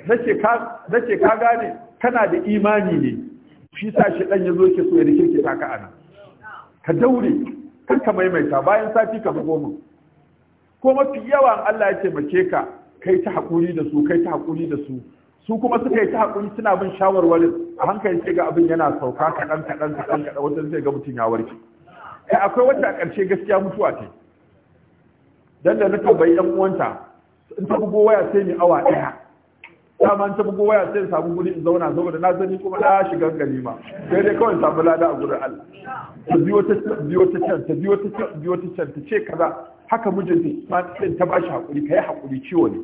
nace ka nace ka gane kana da imani ne shi sa shi dan yazo yake so ya ta ka ana ka daure kar ka maimaita bayan sati ka bugo mu ko mafi yawan Allah ya mace ka kai ta hakuri da su kai ta hakuri da su su kuma suka yi ta hakuri suna bin shawarwarin a hankali sai ga abin yana sauka kaɗan kaɗan kaɗan kaɗan wajen sai ga mutum ya warke kai akwai wata a ƙarshe gaskiya mutuwa ce dan da na tambayi ɗan uwanta in ta bugo waya sai ni awa ɗaya dama ta bugo waya sai samu guri in zauna saboda na sani kuma na shiga ganima sai dai kawai samu lada a gurin Allah ta biyo ta biyo ta can ta biyo ta can biyo ta can ta ce kaza haka mijinta ma din ta bashi hakuri kai hakuri ciwo ne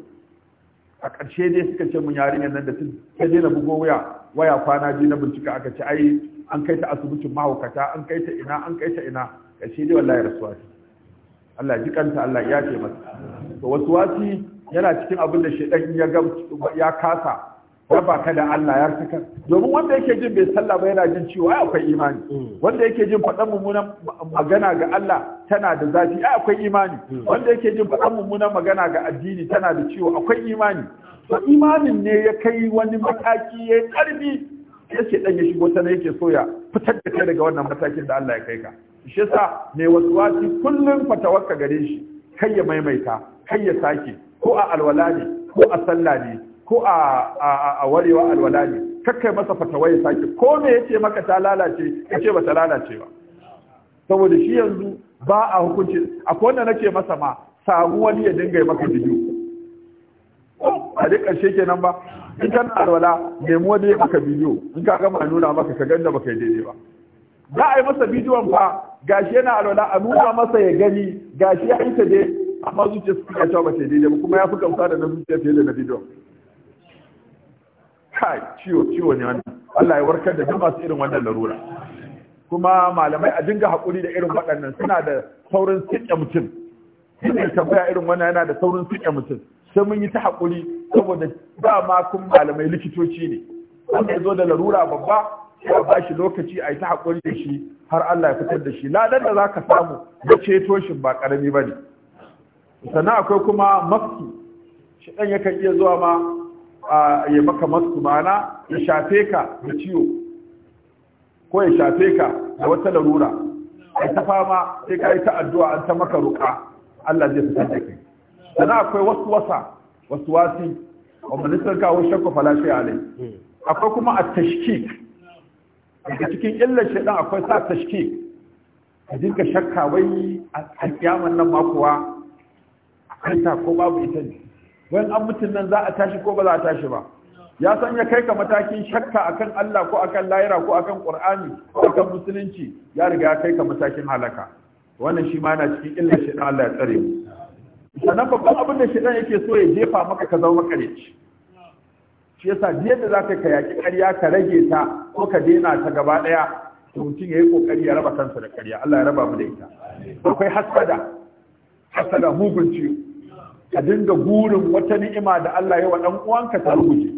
a ƙarshe dai suka ce mun yarinyar nan da ta daina bugo waya waya kwana biyu na bincika aka ce ai an kai ta asibitin mahaukata an kai ta ina an kai ta ina ƙarshe dai wallahi rasuwa Allah ji kanta Allah ya ce masa to wasu wasi yana cikin abin da shedan ya ga ya kasa raba ka da Allah ya saka domin wanda yake jin bai sallah ba yana jin cewa akwai imani mm. wanda yake jin faɗan mummunan magana ga Allah tana da zafi ai akwai imani mm. wanda yake jin faɗan mummunan magana ga addini tana da ciwo akwai imani to imanin ne ya kai wani mataki ya karbi yake dan ya shigo sana yake soya fitar da kai daga wannan matakin da Allah ya kai ka shi yasa mai waswasi kullum fatawarka gare shi kai ya maimaita kai ya sake ko a alwala ne ko a sallah ne ko a warewa alwala ne kakkai masa fatawai sake ko me yace maka ta lalace yace ba ta lalace ba saboda shi yanzu ba a hukunci akwai wanda nake masa ma samu wani ya dinga maka bidiyo a duk ƙarshe kenan ba in kana alwala nemi wani ya maka bidiyo in ka gama nuna maka ka ganda baka daidai ba za a yi masa bidiyon fa gashi yana alwala a nuna masa ya gani gashi ya yi dai amma zuciya su ya ta mace daidai kuma ya fi kamsa da na zuciya fiye da na bidiyon kai ciwo ciwo ne wannan Allah ya warkar da duk masu irin wannan larura kuma malamai a dinga haƙuri da irin waɗannan suna da saurin sike mutum ina tambaya irin wannan yana da saurin sike mutum sai mun yi ta haƙuri saboda ma kun malamai likitoci ne wanda ya zo da larura babba ya ba shi lokaci a yi ta haƙuri da shi har Allah ya fitar da shi ladan da za ka samu da ceto shi ba ƙarami ba ne sannan akwai kuma maski shi ɗan yakan iya zuwa ma ya maka maski ma'ana ya shafe ka da ciwo ko ya shafe ka da wata larura a ta fama sai ka yi ta addu'a an ta maka ruka Allah zai fitar da kai sannan akwai wasu wasa wasu wasi wa ministan kawo shakku falashe lai akwai kuma a tashkik daga cikin illar shaɗan akwai sa tashkik a dinka shakka wai a kyaman nan makuwa Kanta ko babu ita ne wani an mutum nan za a tashi ko ba za a tashi ba ya san ya kai ka matakin shakka akan Allah ko akan lahira ko akan Qur'ani ko akan musulunci ya riga ya kai ka matakin halaka wannan shi ma yana cikin illar da Allah ya tsare mu sannan babban abin da shi dan yake so ya jefa maka ka zama makareci shi yasa da yadda za ka yaki ƙarya ka rage ta ko ka daina ta gaba ɗaya to mutum ya yi ƙoƙari ya raba kansa da ƙarya Allah ya raba mu da ita akwai hasada hasada mugun ka dinga burin wata ni'ima da Allah ya wa dan uwanka ta rubuce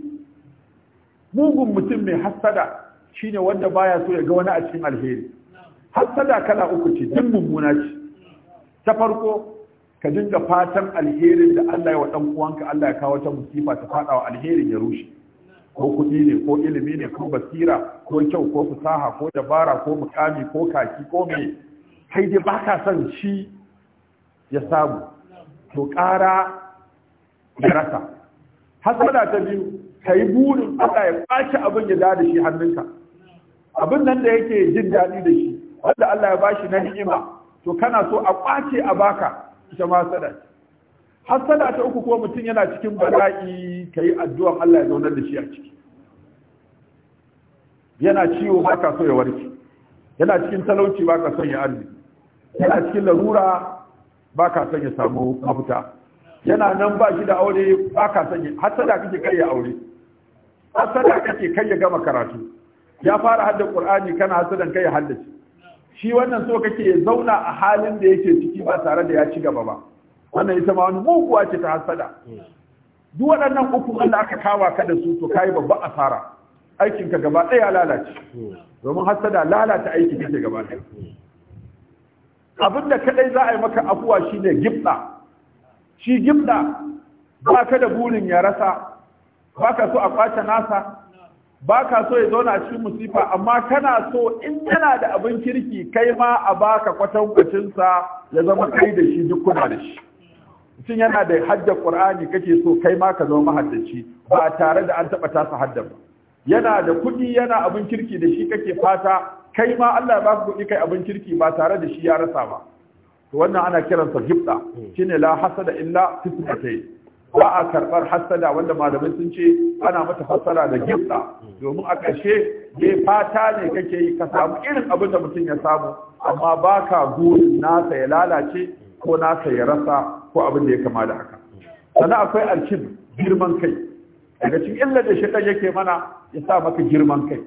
mugun mutum mai hasada shine wanda baya so ya ga wani a cikin alheri hasada kala uku ce din mummuna ce ta farko ka dinga fatan alherin da Allah ya wa dan uwanka Allah ya kawo ta musifa ta fada wa alherin ya rushe ko kuɗi ne ko ilimi ne ko basira ko kyau ko fasaha ko dabara ko mukami ko kaki ko me kai dai baka son shi ya samu to ƙara darasa, rasa hasada ta biyu ka yi burin Allah ya ɓaci abin ya da shi hannunka abin nan da yake jin daɗi da shi wanda Allah ya bashi na ni'ima to kana so a ƙwace a baka ita ma hasada hasada ta uku ko mutum yana cikin bala'i ka yi addu'an Allah ya zaunar da shi a ciki yana ciwo ba so ya warke yana cikin talauci ba ka son ya arziki yana cikin larura ba ka son ya samu mafuta yana nan ba shi da aure ba ka son hatta da kake kai ya aure hatta da kake kai ya gama karatu ya fara hadda qur'ani kana hasadan kai ya haddace shi wannan so kake ya zauna a halin da yake ciki ba tare da ya ci gaba ba wannan ita ma wani muguwa ce ta hasada duk waɗannan uku Allah aka kawa ka da su to kai babban asara aikinka gaba ɗaya lalace domin hasada lalata aiki kake gaba ɗaya abin da kadai za a yi maka afuwa shine gifɗa. shi gifɗa. ba ka da burin ya rasa ba ka so a kwace nasa ba ka so ya zauna cikin musifa amma kana so in yana da abin kirki kai ma a baka kwatankwacinsa ya zama kai da shi duk kuna da shi cin yana da haddar qur'ani kake so kai ma ka zama mahaddaci ba tare da an taba tasa hadda ba yana da kuɗi yana abin kirki da shi kake fata kai ma Allah ya baka kuɗi kai abin kirki ba tare da shi ya rasa ba to wannan ana kiransa gibda shine la hasada illa fitnatai ba a karbar hasada wanda malamai sun ce ana mata fassara da gibda domin a ƙarshe ne fata ne kake yi ka samu irin abin da mutum ya samu amma baka burin nasa ya lalace ko nasa ya rasa ko abin da ya kama da haka sannan akwai alkin girman kai daga cikin illar da shi yake mana ya sa maka girman kai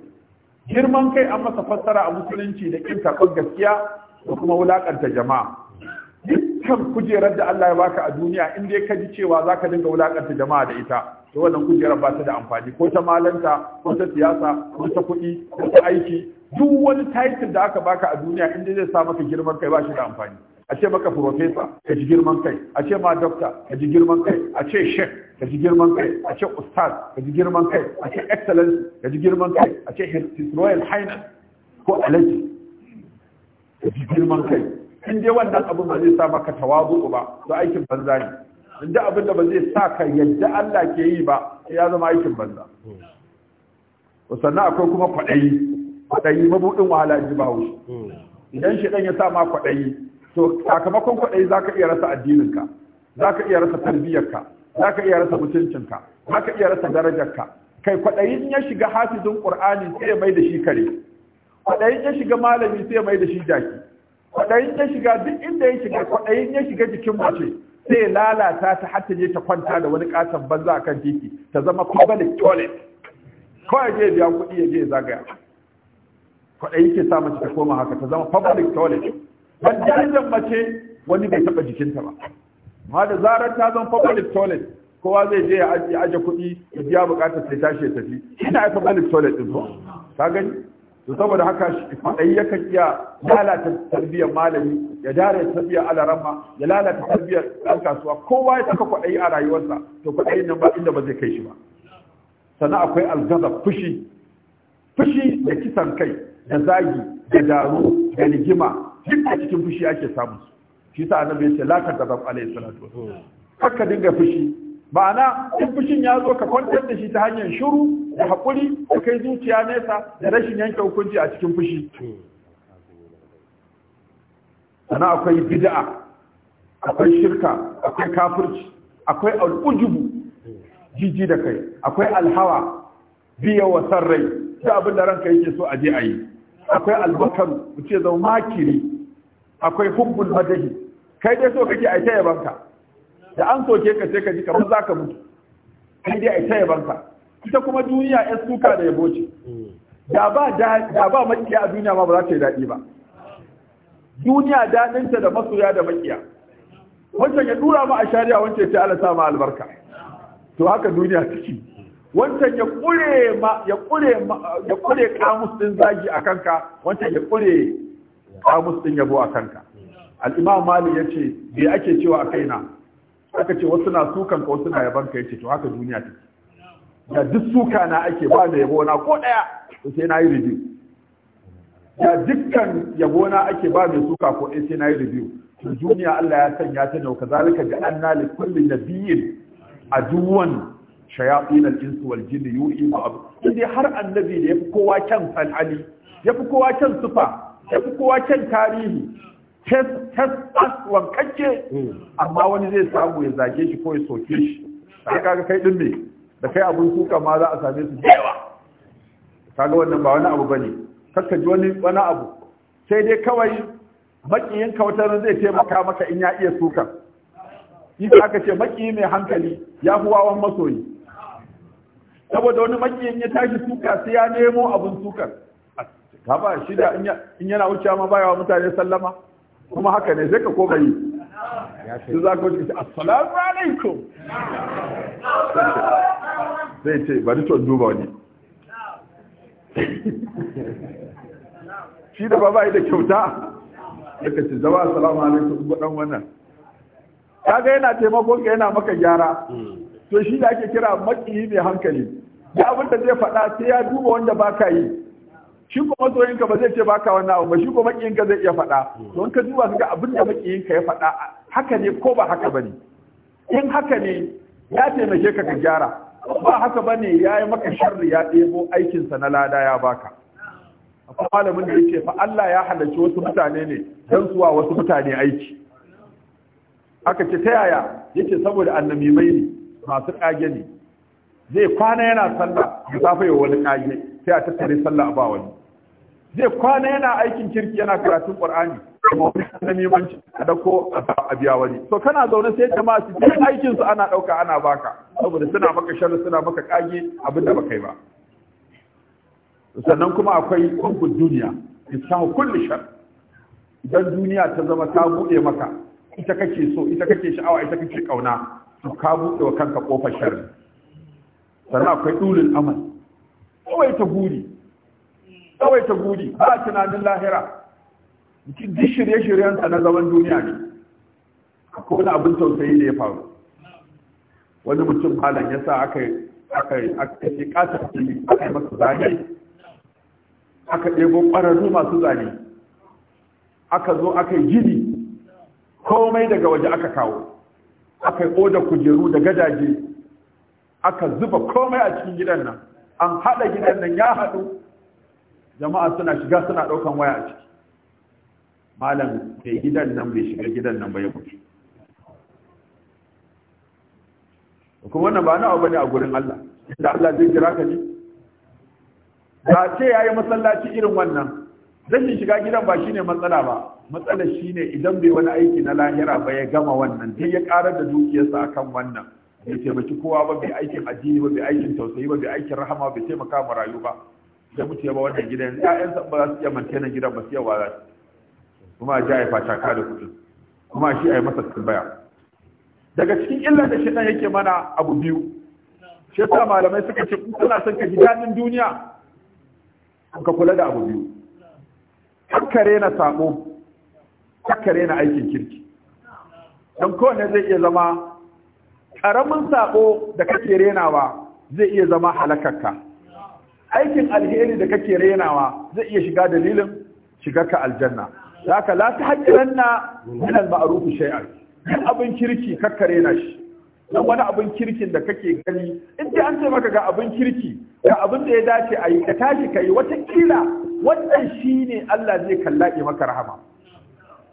girman kai an masa fassara a musulunci da kin karɓar gaskiya da kuma wulakanta jama'a dukkan kujerar da Allah ya baka a duniya in dai ka ji cewa zaka dinga wulakanta jama'a da ita to wannan kujerar ba ta da amfani ko ta malanta ko ta siyasa ko ta kuɗi ko ta aiki duk wani title da aka baka a duniya in dai zai sa maka girman kai ba shi da amfani a ce maka profesa ka ji girman kai a ce ma dokta ka ji girman kai a ce shek ka ji girman kai a ce ustaz ka ji girman kai a ce excellence ka ji girman kai a ce his royal highness ko alaji ka ji girman kai in dai wannan abin ba zai sa maka tawazu ba to aikin banza ne in dai abin da ba zai sa ka yadda Allah ke yi ba ya zama aikin banza sannan akwai kuma kwaɗayi kwaɗayi mabuɗin wahala ji ba hmm. idan shi ya sa ma kwaɗayi to sakamakon kwaɗayi za ka iya rasa addininka za ka iya rasa tarbiyyarka za ka iya rasa mutuncinka za ka iya rasa darajarka kai kwaɗayin ya shiga hafizin ƙur'ani sai ya mai da shi kare kwaɗayin ya shiga malami sai ya mai da shi jaki kwaɗayin ya shiga duk inda ya shiga kwaɗayin ya shiga jikin mace sai ya lalata ta hatta ta je ta kwanta da wani katon banza kan titi ta zama public toilet kawai je biya kuɗi ya je zagaya kwaɗayi ke sa mace ta koma haka ta zama public toilet ban darajar mace wani bai taɓa jikinta ba ma da zarar ta zan public toilet kowa zai je ya aje kuɗi ya biya buƙatar sai tashi ya tafi ina ai public toilet din ko ka gani to saboda haka faɗai kan iya lalata tarbiyyar malami ya dare tarbiyyar alarama ya lalata tarbiyyar ɗan kasuwa kowa ya taka kwaɗayi a rayuwarsa to kwaɗayi nan ba inda ba zai kai shi ba sannan akwai algaza fushi fushi da kisan kai da zagi da daru da rigima duk a cikin fushi ake samu shi sa annabi ya ce la ka alayhi salatu wasallam dinga fushi ma'ana in fushin ya zo ka kwantar da shi ta hanyar shiru da haƙuri da kai zuciya nesa da rashin yanke hukunci a cikin fushi sannan akwai bid'a akwai shirka akwai kafirci akwai al'ujubu jiji da kai akwai alhawa biya wa sarrai rai abin da ranka yake so a je a yi akwai albakaru mu ce zama makiri akwai hubbul madahi kai dai so kake aita yabanka da an soke ka sai ka ji kamar zaka mutu kai dai aita yabanka ita kuma duniya ya suka da yabo ce da ba da makiya a duniya ma ba za ta yi daɗi ba duniya daɗinta da masoya da makiya wancan ya dura ma a shari'a wancan ya ce Allah sa albarka to haka duniya take wancan ya kure ma ya kure ya kure kamus din zagi akan ka wancan ya kure kamus din yabo akan ka al-imam mali yace bai ake cewa a kaina aka ce wasu na sukan ka wasu na yaban ka yace to haka duniya ta Ya duk suka na ake ba da yabo na ko daya sai na yi review Ya dukkan yabo na ake ba mai suka ko sai na yi review to duniya Allah ya sanya ta ne kazalika ga anna li kulli nabiyyin duwan. shayatin al-ins wal jinn ba abu inda har annabi da yafi kowa kyan al'ali yafi kowa kyan sufa yafi kowa kyan tarihi tas tas as wankacce amma wani zai samu ya zage shi ko ya soke shi sai kaga kai din me da kai abun suka ma za a same su da yawa kaga wannan ba wani abu bane kakka ji wani wani abu sai dai kawai makiyinka wata zai taimaka maka in ya iya sukan isa aka ce maki mai hankali ya fi wawan masoyi saboda wani makiyin ya tashi suka sai ya nemo abin sukar ka ba shi da in yana wuce ma baya wa mutane sallama kuma haka ne sai ka koma yi su za ka wuce assalamu alaikum sai ce bari to duba wani shi da ba bai da kyauta daga ce zaba assalamu alaikum ga dan wannan kaga yana taimakon ka yana maka gyara hmm. to shi da ake kira makiyi mai hankali ya abin da zai faɗa sai ya duba wanda ba ka yi shi ko masoyinka ba zai ce ba ka wannan abu ba shi ko makiyinka zai iya faɗa don ka duba ka ga abin da makiyinka ya faɗa haka ne ko ba haka bane in haka ne ya taimake ka ka gyara ba haka bane ya yi maka sharri ya ɗebo aikinsa na lada ya baka akwai malamin da yake fa Allah ya halarci wasu mutane ne don zuwa wasu mutane aiki aka ce ta yaya yace saboda annabi mai ne masu kage ne zai kwana yana sallah da safa yau wani kage sai a tattare sallah ba wani zai kwana yana aikin kirki yana karatun qur'ani kuma wani kana mimanci a dauko a biya wani to kana zaune sai jama'a su yin aikin su ana ɗauka ana baka saboda suna maka sharri suna maka kage abinda ba kai ba sannan kuma akwai kunkun duniya isan kulli shar idan duniya ta zama ta bude maka ita kake so ita kake sha'awa ita kake kauna to ka bude wa kanka kofar sharri sannan akwai dulul amal kawai ta guri kawai ta guri ba tunanin lahira mutum duk shirye-shiryensa na zaman duniya ne akwai wani abin tausayi ne ya faru wani mutum malam ya sa aka aka aka yi kasa fili aka yi masa zane aka ɗebo ƙwararru masu zane aka zo aka yi gini komai daga waje aka kawo aka yi oda kujeru da gadaje aka zuba komai a cikin gidan nan an haɗa gidan nan ya haɗu jama'a suna shiga suna ɗaukan waya a ciki malam bai gidan nan bai shiga gidan nan ba ya mutu kuma wannan ba na abu ne a gurin Allah da Allah zai jira ka ne ba ce yayi masallaci irin wannan rashin shiga gidan ba shine matsala ba matsala shine idan bai wani aiki na lahira ba ya gama wannan dai ya karar da dukiyarsa akan wannan bai taimaki kowa ba bai aikin addini ba bai aikin tausayi ba bai aikin rahama bai taimaka ma rayu ba sai mu ya ba wannan gidan ya'yan san ba za su iya mantena gidan ba su yawa za su. kuma a ja ya fata ka da kuɗi. kuma shi a yi masa tambaya daga cikin illar da shaitan yake mana abu biyu shaitan malamai suka ce kun kana son ka ji daɗin duniya ka kula da abu biyu kakkare na sako kakkare na aikin kirki don kowane zai iya zama karamin saƙo da kake renawa zai iya zama halakarka aikin alheri da kake renawa zai iya shiga dalilin ka aljanna zaka la ta hajjiranna min al-ma'ruf shay'an duk abin kirki kakka rena shi dan wani abin kirkin da kake gani in dai an ce maka ga abin kirki ga abin da ya dace ayi ka tashi kai wata kila wannan shine Allah zai kallake maka rahama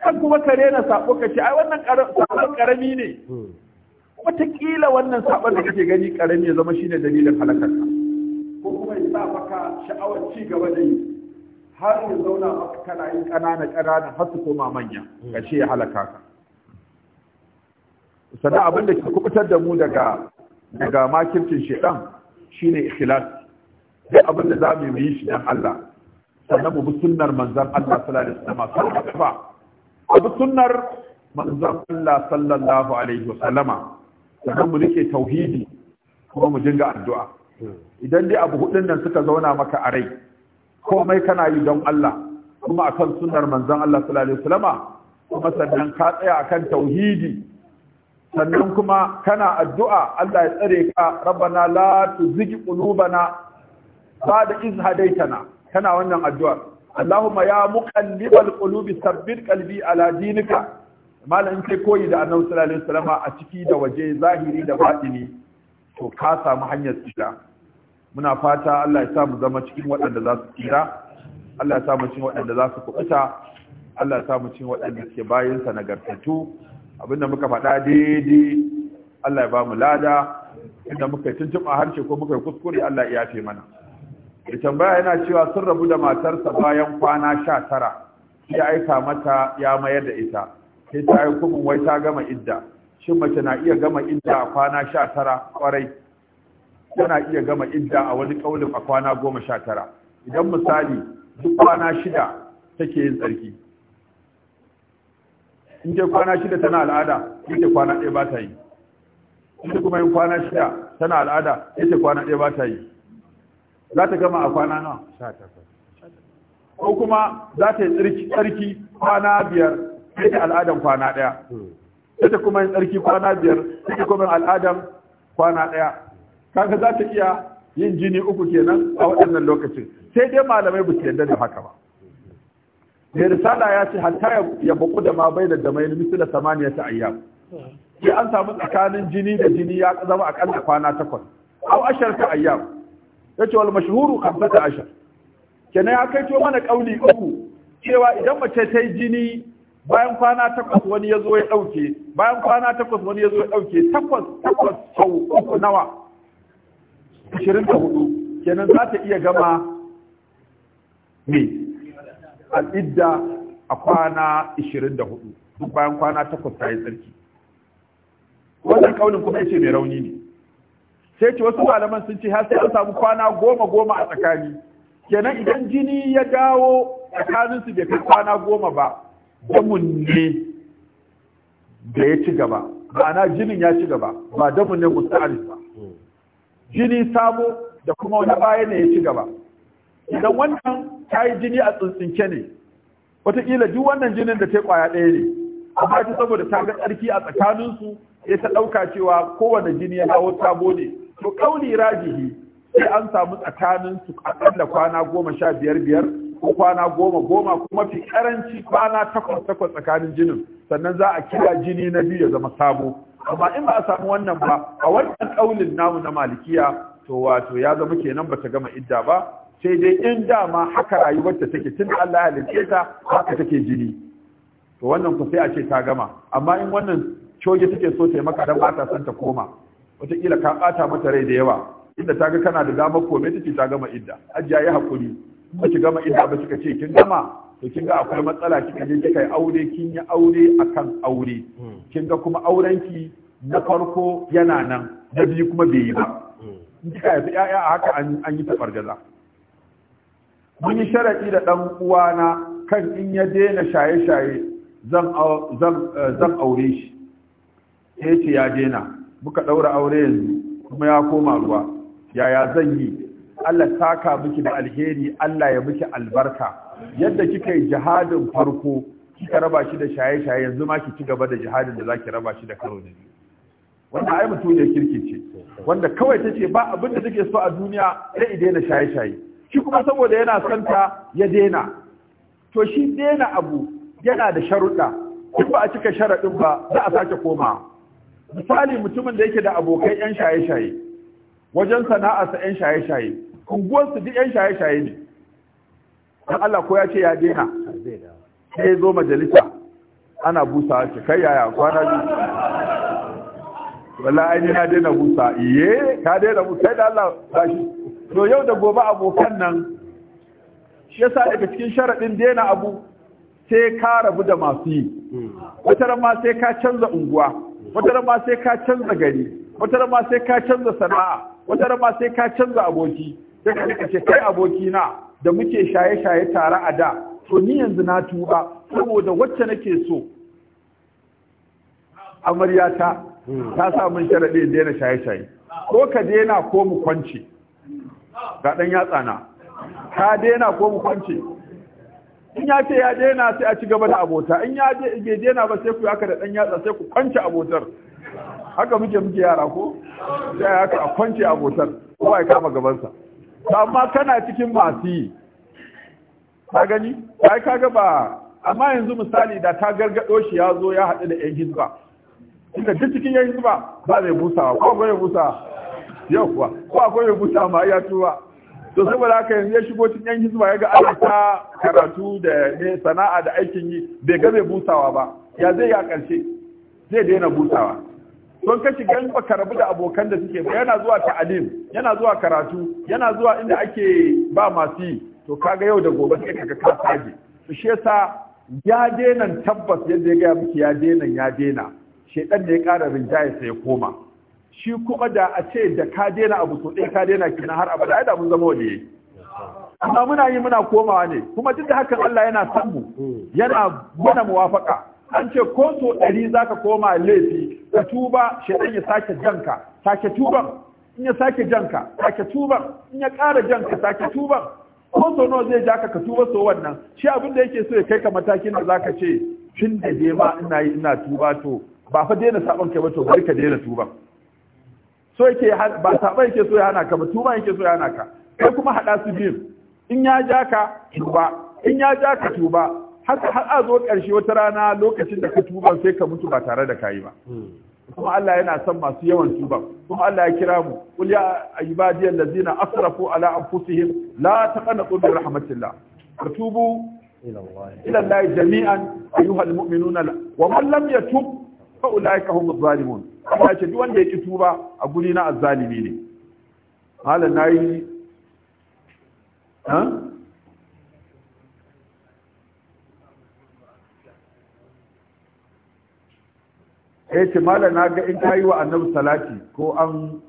kan kuma ka rena sako ka ai wannan karami ne hmm. wataƙila wannan saɓar da kake gani ƙarami ya zama shi ne dalilin ka ko kuma ya sa maka sha'awar ci gaba da yi har ya zauna maka kana yin ƙanana ƙanana har su koma manya ƙarshe ya halaka ka sannan abin da ke kubutar da mu daga daga makircin shi shine ikhlas duk abin da za mu yi shi don Allah sannan mu bi sunnar manzon Allah sallallahu alaihi wasallam sunnar manzon Allah sallallahu alaihi wasallama sannan mu rike tauhidi kuma mu dinga addu'a idan dai abu hudun nan suka zauna maka a rai komai kana yi don Allah kuma akan sunnar manzon Allah sallallahu alaihi wasallama kuma sannan ka tsaya akan tauhidi sannan kuma kana addu'a Allah ya tsare ka rabbana la tuzigh qulubana ba'da iz kana wannan addu'a Allahumma ya muqallibal qulubi sabbin qalbi ala dinika malam sai koyi da annabi sallallahu alaihi wasallam a ciki da waje zahiri da batini to ka samu hanyar tsira muna fata Allah ya sa mu zama cikin waɗanda za su tsira Allah ya sa mu cikin waɗanda za su kuɓuta Allah ya sa mu cikin waɗanda ke bayin sa nagartattu abinda muka faɗa daidai Allah ya ba mu lada inda muka tuntuɓa harshe ko muka kuskure Allah ya yafe mana da tambaya yana cewa sun rabu da matarsa bayan kwana sha tara ya aika mata ya mayar da ita sai ta yi kubin wai ta gama idda shin mace na iya gama idda a kwana sha tara kwarai tana iya gama idda a wani kaulin a kwana goma sha tara idan misali duk kwana shida take yin tsarki in ke kwana shida tana al'ada ita kwana ɗaya ba ta yi in kuma yin kwana shida tana al'ada ita kwana ɗaya ba ta yi za ta gama a kwana nawa ko kuma za ta yi tsarki kwana biyar sai al'adam al'adan kwana daya sai ta kuma yin tsarki kwana biyar sai ta kuma al'adan kwana daya kaga za ta iya yin jini uku kenan a waɗannan lokacin sai dai malamai ba su yarda da haka ba mai risala ya ce hatta ya buku da ma bai da damai misali samaniya ta ayyam sai an samu tsakanin jini da jini ya zama akalla kwana takwas au ashar ta ayyam yace wal mashhuru khamsata ashar kenan ya kai to mana kauli uku cewa idan mace ta yi jini bayan kwana takwas wani ya zo ya ɗauke bayan kwana takwas wani ya zo ya ɗauke takwas takwas sau uku nawa ashirin da hudu kenan za ta iya gama me al'idda a kwana ashirin da hudu duk bayan kwana takwas ta yi tsarki wannan kaunin kuma yace mai rauni ne sai ce wasu malaman sun ce har sai an samu kwana goma goma a tsakani kenan idan jini ya dawo tsakaninsu bai kai kwana goma ba damun ne da ya ci gaba ma'ana jinin ya ci gaba ba damun ne musta'arif ba jini sabo da kuma wani baya ne ya ci gaba idan wannan ta yi jini a tsuntsunke ne wataƙila duk wannan jinin da ta yi ƙwaya ɗaya ne amma ta saboda ta ga tsarki a tsakaninsu ya ta ɗauka cewa kowane jini ya hawo sabo ne to ƙauni rajihi sai an samu tsakaninsu aƙalla kwana goma sha biyar biyar ko kwana goma goma ko mafi karanci kwana takwas takwas tsakanin jinin sannan za a kira jini na biyu ya zama sabo amma in ba a samu wannan ba a wannan kaulin namu na malikiya to wato ya zama kenan bata gama idda ba sai dai in dama haka rayuwar ta take tun Allah ya halice ta haka take jini to wannan ku sai a ce ta gama amma in wannan coge take so ta yi maka dan bata son ta koma wataƙila ka ɓata mata rai da yawa inda ta ga kana da damar kome take ta gama idda ajiya ya haƙuri ba ki gama inda ba kika ce kin gama to kin ga akwai matsala kika je kika yi aure kin yi aure akan aure hmm. kin ga kuma ki na farko yana nan na biyu kuma bai yi ba hmm. in kika haifi 'ya'ya a haka an yi tabargaza mun yi sharaɗi da ɗan uwana kan in ya daina shaye-shaye zan eh, aure shi ya ce ya daina muka ɗaura aure yanzu kuma ya koma ruwa yaya zan yi Allah saka miki da alheri Allah ya miki albarka yadda kika yi jihadin farko kika raba shi da shaye-shaye yanzu ma ki ci gaba da jihadin da zaki raba shi da karo da biyu wanda ai mutum ne kirki ce wanda kawai ta ce ba abin da take so a duniya sai i daina shaye-shaye shi kuma saboda yana son ta ya daina to shi daina abu yana da sharuɗa in ba a cika sharaɗin ba za a sake koma misali mutumin da yake da abokai yan shaye-shaye wajen sana'arsa yan shaye-shaye unguwarsu duk yan shaye-shaye ne dan Allah ko ya ce ya daina sai ya zo majalisa ana busa ce kai yaya kwana ne wala aini na daina busa iye ka daina busa sai da Allah ba shi to yau da gobe abokan nan shi yasa daga cikin sharaɗin daina abu sai ka rabu da masu yi wata ma sai ka canza unguwa wata ma sai ka canza gari wata ma sai ka canza sana'a wata ma sai ka canza aboki sai ka rika ce kai abokina da muke shaye-shaye tare a da to ni yanzu na tuba saboda wacce nake so amaryata ta sa mun sharaɗe daina shaye-shaye ko ka daina ko mu kwance ga ɗan yatsa na ka daina ko mu kwance in ya ce ya daina sai a ci gaba da abota in ya je daina ba sai ku haka da ɗan yatsa sai ku kwance abotar haka muke muke yara ko sai haka a kwance abotar kowa ya kama gabansa amma kana cikin masu yi ta gani ai kaga ba amma yanzu misali da ta gargado shi ya zo ya haɗu da yan hizba inda duk cikin yan hizba ba zai busa ko akwai busa yau kuwa ko akwai busa ma ya tuwa to saboda ka yanzu ya shigo cikin yan hizba ya ga ana karatu da sana'a da aikin yi bai ga bai busawa ba ya zai ya ƙarshe zai daina busawa don ka shiga in da abokan da suke ba yana zuwa ta'alim yana zuwa karatu yana zuwa inda ake ba masu yi to kaga yau da gobe sai kaga ka sage to shi yasa ya dena tabbas yadda ya gaya miki ya dena ya dena shedan ne ya ƙara rinjaye sai ya koma shi kuma da a ce da ka dena abu to dai ka dena kina har abada ai da mun zama waliyi amma muna yi muna komawa ne kuma duk da hakan Allah yana san mu yana mana muwafaka an ce ko so ɗari zaka koma laifi ka tuba shaitan ya sake janka sake tuban in ya sake janka sake tuban in ya ƙara janka sake tuban ko so nawa zai ja ka ka tuba so wannan shi abin da yake so ya kai ka matakin da zaka ce tun da dai ma ina yi ina tuba to ba fa daina saban kai ba to bari ka daina tuban so yake ba saban yake so ya hana ka ba tuba yake so ya hana ka kai kuma hada su biyu in ya ja ka tuba in ya ja ka tuba haka har a zo ƙarshe wata rana lokacin da ka tuba sai ka mutu ba tare da kayi ba hmm. kuma Allah yana son masu yawan tuba kuma Allah ya kira mu qul ya ayyuhal ladzina asrafu ala anfusihim la taqnatu min rahmatillah tubu ila Allah jami'an ayyuhal mu'minuna wa man lam yatub fa ulaika humuz zalimun Allah ce duk wanda ya ki tuba a guri na azzalimi ne malan nayi ha sai ce malam na ga in ta yi wa annabi salati ko an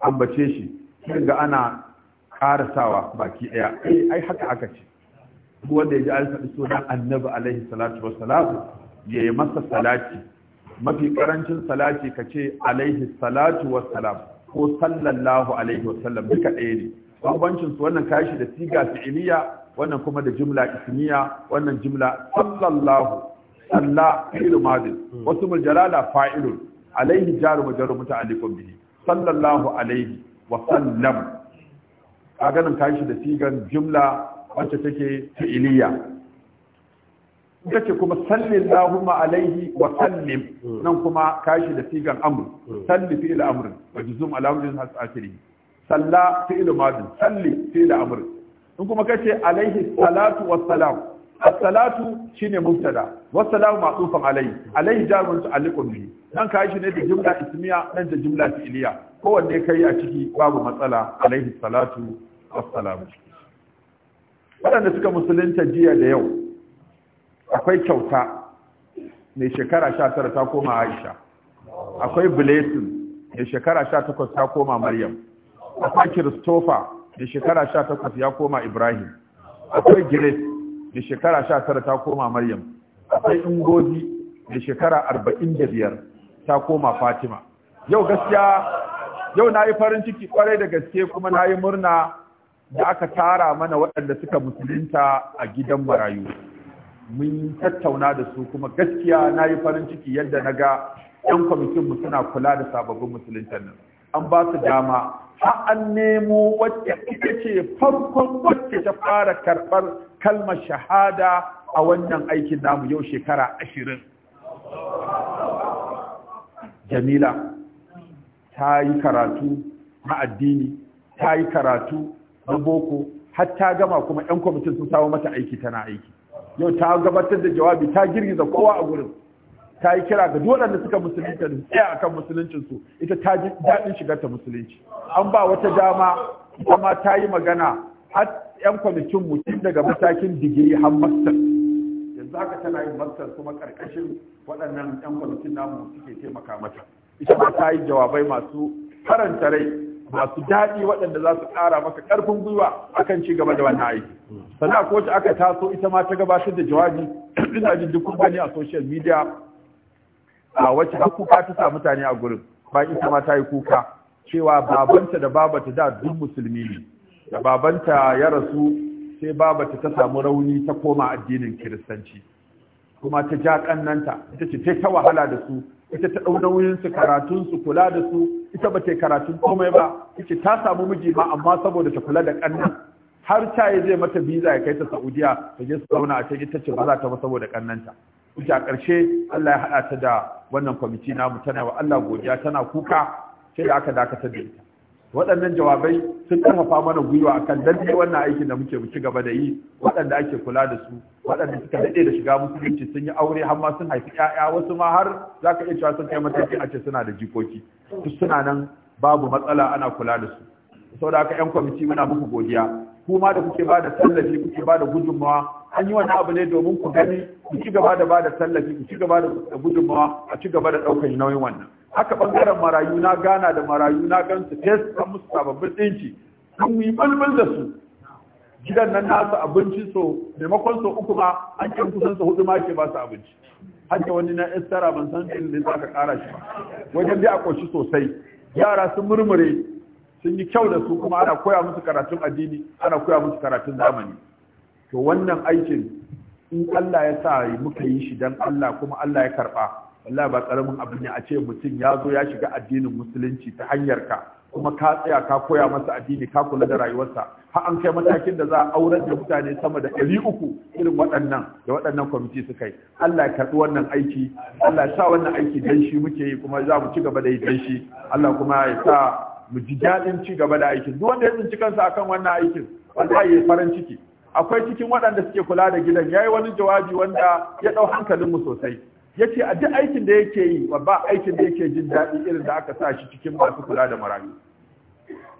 ambace shi sai ga ana karasawa baki daya eh, ai haka aka ce wanda ya ji an faɗi sunan annabi alaihi salatu wassalam ya yi masa salati mafi karancin salati ka ce alaihi salatu wassalam ko sallallahu alaihi wasallam duka ɗaya ne bambancin su wannan kashi da siga fi'iliya wannan kuma da jumla ismiya wannan jumla sallallahu salla fi'il madin hmm. wasu mul jalala fa'ilun alaihi jaru majaru muta'alliqun bihi sallallahu alaihi wa sallam kaga nan tashi da sigan jumla wacce take fi'iliya kace kuma sallin lahumma alaihi wa sallim hmm. nan kuma kashi da sigan amr hmm. salli fi'il amr wa juzum ala amrin has akhiri salla fi'il madin salli fi'il amr in kuma kace alaihi salatu wa salam as-salatu shine mubtada wa salamu ma'tufan alayhi alayhi jarun ta'alliqun bi nan kai shi ne da jumla ismiya nan da jumla fi'liya kowanne kai a ciki babu matsala alayhi salatu wa salamu Wadanda suka musulunta jiya da yau akwai kyauta mai shekara 19 ta koma Aisha akwai blessing mai shekara 18 ta koma Maryam akwai Christopher mai shekara 18 ya koma Ibrahim akwai Grace da shekara sha tara ta koma Maryam akwai Ingozi da shekara arba'in da biyar ta koma Fatima yau gaskiya yau nayi farin ciki kwarai da gaske kuma na yi murna da aka tara mana waɗanda suka musulunta a gidan marayu mun tattauna da su kuma gaskiya na yi farin ciki yadda na ga 'yan kwamitinmu suna kula da sababbin musuluntan nan an ba su dama har an nemo wacce ita ce farkon wacce ta fara karɓar kalmar shahada a wannan aikin namu yau shekara ashirin jamila ta yi karatu na addini ta yi karatu na boko har ta gama kuma 'yan kwamitin sun samu mata aiki tana aiki yau ta gabatar da jawabi ta girgiza kowa a gurin ta yi kira ga waɗanda suka musulunta da tsaya akan musuluncin su ita ta ji daɗin shigar ta musulunci an ba wata dama kuma ta yi magana har yan kwamitin mutum daga matakin digiri har master yanzu haka tana yin master kuma ƙarƙashin waɗannan yan kwamitin namu suke taimaka mata ita ma ta yi jawabai masu faranta rai masu daɗi waɗanda za su ƙara maka ƙarfin gwiwa akan ci gaba da wannan aiki sannan ko aka taso ita ma ta gabatar da jawabi ina jin duk gani a social media a wacce har kuka ta sa mutane a gurin ba ita ma ta yi kuka cewa babanta da babata da duk musulmi ne da babanta ya rasu sai babata ta samu rauni ta koma addinin kiristanci kuma ta ja kannanta ita ce ta wahala da su ita ta su karatun karatunsu kula da su ita ba ta karatun komai ba ita ta samu miji ma amma saboda ta kula da kannan har caye zai mata biza ya kai ta saudiya ta je su zauna a can ita ce ba za ta ba saboda kannanta ita a ƙarshe allah ya haɗa ta da wannan kwamiti namu tana wa allah godiya tana kuka sai da aka dakatar da ita waɗannan jawabai sun ƙarfafa mana gwiwa akan lalle wannan aikin da muke ci gaba da yi waɗanda ake kula da su waɗanda suka daɗe da shiga musulunci sun yi aure har ma sun haifi ƴaƴa wasu ma har za ka iya cewa sun kai mataki a ce suna da jikoki Su suna nan babu matsala ana kula da su saboda haka ƴan kwamiti muna muku godiya kuma da kuke bada tallafi kuke bada da gudunmawa an yi wani abu ne domin ku gani ku ci gaba da ba tallafi ku ci gaba da gudunmawa a ci gaba da ɗaukar nauyin wannan haka bangaren marayu na gana da marayu na gansu test kan musu sababbin dinki sun yi balbal da su gidan nan nasu abinci so maimakon so uku ma an kyan kusan su hudu ma ke ba su abinci haka wani na estara ban san ɗin da za ka ƙara shi ba wajen dai a ƙoshi sosai yara sun murmure sun yi kyau da su kuma ana koya musu karatun addini ana koya musu karatun zamani to wannan aikin in Allah ya sa muka yi shi dan Allah kuma Allah ya karba wallahi ba karamin abu ne a ce mutum ya zo ya shiga addinin musulunci ta hanyar ka kuma ka tsaya ka koya masa addini ka kula da rayuwarsa har an kai matakin da za a aurar da mutane sama da ɗari uku irin waɗannan da waɗannan kwamiti suka yi Allah ya karɓi wannan aiki Allah ya sa wannan aiki dan shi muke yi kuma za mu ci gaba da yi dan shi Allah kuma ya sa mu ji daɗin ci gaba da aikin duk wanda ya tsinci kansa akan wannan aikin wallahi ya farin ciki akwai cikin waɗanda suke kula da gidan yayi wani jawabi wanda ya ɗau hankalin mu sosai Ya ce a duk aikin da yake yi ba aikin da yake jin daɗi irin da aka sa shi cikin masu kula da marayu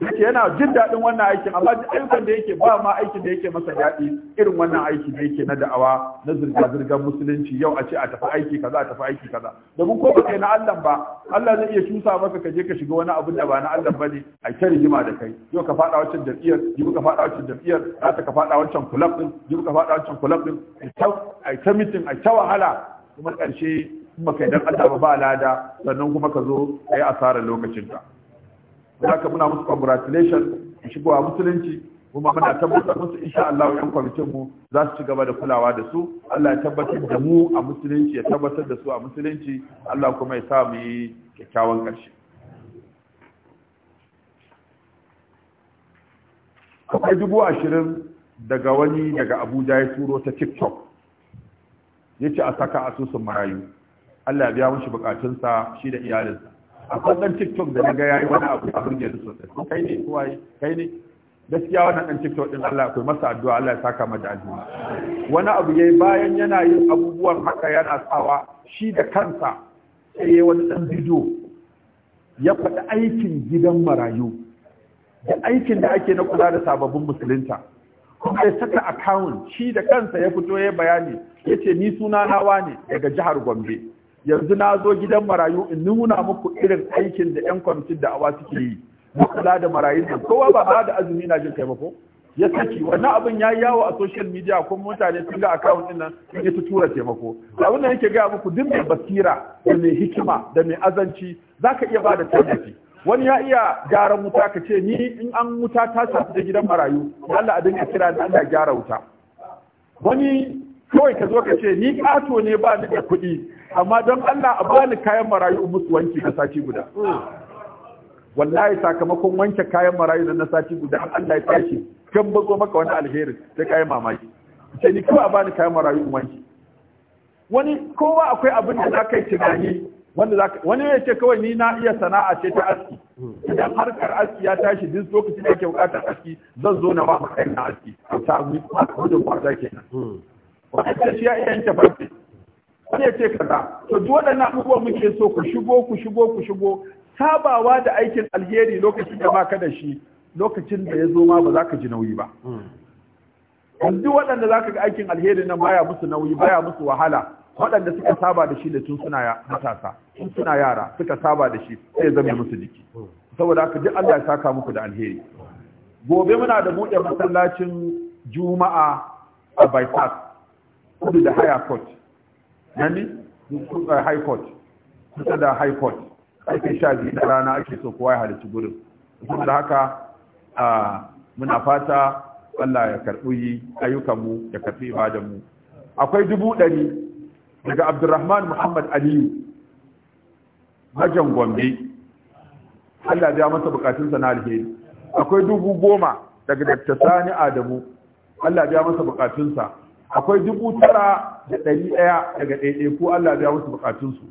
yake yana jin daɗin wannan aikin amma ayyukan da yake ba ma aikin da yake masa daɗi irin wannan aiki da yake na da'awa na zirga-zirgar musulunci yau a ce a tafi aiki kaza a tafi aiki kaza domin ko ba kai na Allah ba Allah zai iya cusa maka ka je ka shiga wani abin da ba na Allah ba ne a ta rigima da kai yau ka faɗa wancan jam'iyyar yau ka faɗa wancan jam'iyyar za ka faɗa wancan kulab din yau ka faɗa wancan kulab din a ta mitin a ta wahala kuma ƙarshe kuma kai dan Allah ba lada sannan kuma ka zo kai asarar lokacinka. aka muna musu congratulation shigowa musulunci kuma muna tabbatar musu insha Allah yan kwamitin mu za su ci gaba da kulawa da su Allah ya tabbatar da mu a musulunci ya tabbatar da su a musulunci Allah kuma ya sa mu yi kyakkyawan ƙarshe akwai dubu ashirin daga wani daga abuja ya turo ta tiktok ya ce a saka asusun marayu allah ya biya mashi bukatunsa shi da iyalinsa akwai ɗan tiktok da na yayi wani abu burge su sosai kai ne kuwa kai ne gaskiya wannan dan tiktok din Allah ya koyi masa addu'a Allah ya saka mata addu'a wani abu yayi bayan yana yin abubuwan haka yana sawa shi da kansa sai yayi wani dan bidiyo ya faɗi aikin gidan marayu da aikin da ake na kula da sababbin musulunta kuma ya saka account shi da kansa ya fito ya bayani yace ni suna nawa ne daga jihar gombe yanzu na zo gidan marayu in nuna muku irin aikin da yan kwamitin da awa suke yi na kula da marayu da kowa ba ba da azumi na jin taimako ya saki wannan abin ya yi yawo a social media ko mutane sun ga akawun din nan sun yi ta tura taimako abin da yake gaya muku duk mai basira da mai hikima da mai azanci za ka iya ba da tallafi wani ya iya gyara wuta ka ce ni in an wuta ta shafi da gidan marayu Allah a dinga kira da Allah gyara wuta wani kawai ka zo ka ce ni kato ne ba ni da kuɗi amma don Allah a bani kayan marayu in musu wanki na sati guda wallahi sakamakon wanke kayan marayu na sati guda Allah ya tashi kan bazo maka wani alheri sai kayan mamaki sai ni kuma a bani kayan marayu in wanki wani kowa akwai abin da za ka yi tunani wanda za wani ya ce kawai ni na iya sana'a ce ta aski idan harkar aski ya tashi duk lokacin da yake bukatar aski zan zo na ba maka na aski ta mu ko da ba za kenan wani ya iya yanke farce sai ya ce kaza to duk waɗannan abubuwan muke so ku shigo ku shigo ku shigo sabawa da aikin alheri lokacin da baka da shi lokacin da ya zo ma ba za ka ji nauyi ba duk waɗanda za ka ga aikin alheri nan baya musu nauyi baya musu wahala waɗanda suka saba da shi da tun suna matasa tun suna yara suka saba da shi sai zama musu jiki saboda haka duk Allah ya saka muku da alheri gobe muna da buɗe masallacin juma'a a bypass kudu da haya court nami high court kusa da high court ake sha biyu da rana ake so kowa ya halarci gurin da haka muna fata Allah ya karɓi ayyukanmu ya karɓi ibadanmu akwai dubu ɗari daga Abdurrahman Muhammad Aliyu majan Gombe Allah ya masa bukatunsa na alheri akwai dubu goma daga dattasa Sani Adamu Allah ya masa bukatunsa akwai dubu tara da ɗari ɗaya daga ɗaiɗai ko Allah ya wasu bukatunsu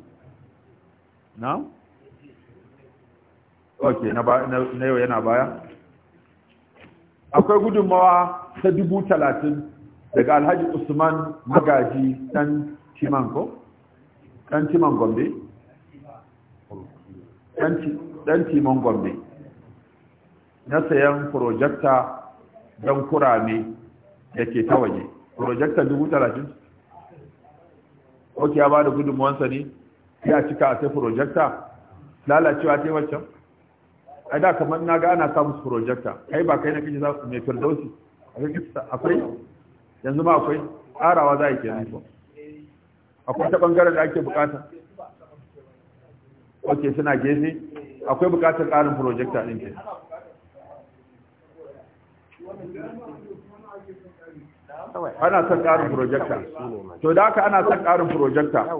na? ok na yau yana baya akwai gudunmawa ta dubu talatin daga alhaji usman magaji ɗan timanko ɗan timan gombe ɗan timan gombe na sayan projecta don kurame da ke ta waje projector dubu talatin ok ya ba da gudunmuwansa ne ya cika a sai projector lalacewa ta yi waccan a da kamar na ga ana samun projector kai ba kai na kai za su mai firdausi akwai yanzu ma akwai arawa za a yi ke nufo akwai ta ɓangaren da ake bukata ok suna gefe akwai bukatar ƙarin projector ɗin ke ana son ƙarin projecta to da haka ana son ƙarin projecta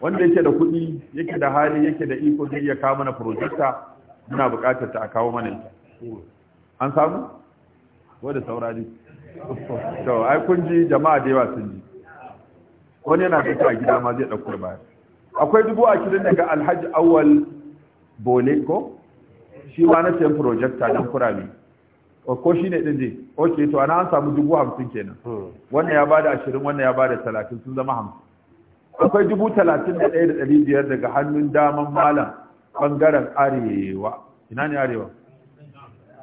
wanda yake da kuɗi yake da hali yake da iko zai iya kawo mana projecta muna buƙatar ta a kawo mana ita an samu ko da saurari to ai kun ji jama'a da yawa sun ji wani yana da ta gida ma zai ɗauko ba akwai dubu ashirin daga alhaji awal bole ko shi ma na sayan projecta don kurami ko shi ne ɗin ne ok to ana an samu dubu hamsin kenan hmm. wannan ya bada ashirin wannan ya bada talatin sun zama hamsin akwai dubu talatin da ɗaya da ɗari biyar daga hannun daman malam ɓangaren arewa ina ne arewa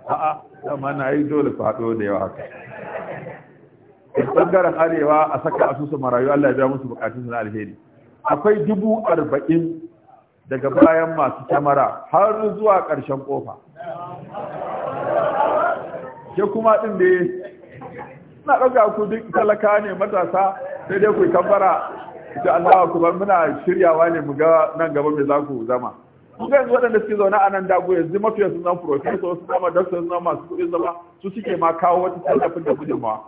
a'a dama na yi dole faɗo da yawa haka ɓangaren arewa a saka asusun marayu allah ya biya musu bukatun na alheri akwai dubu arba'in daga bayan masu kyamara har zuwa ƙarshen ƙofa ke kuma ɗin da na ɗauka ku duk talaka ne matasa sai dai ku kambara da Allah ku bar muna shiryawa ne mu ga nan gaba mai za ku zama ku ga yanzu waɗanda suke zaune a nan dago yanzu mafiya sun zama professor sun zama doctor sun zama masu kuɗi zama su suke ma kawo wata tallafin da gudunmawa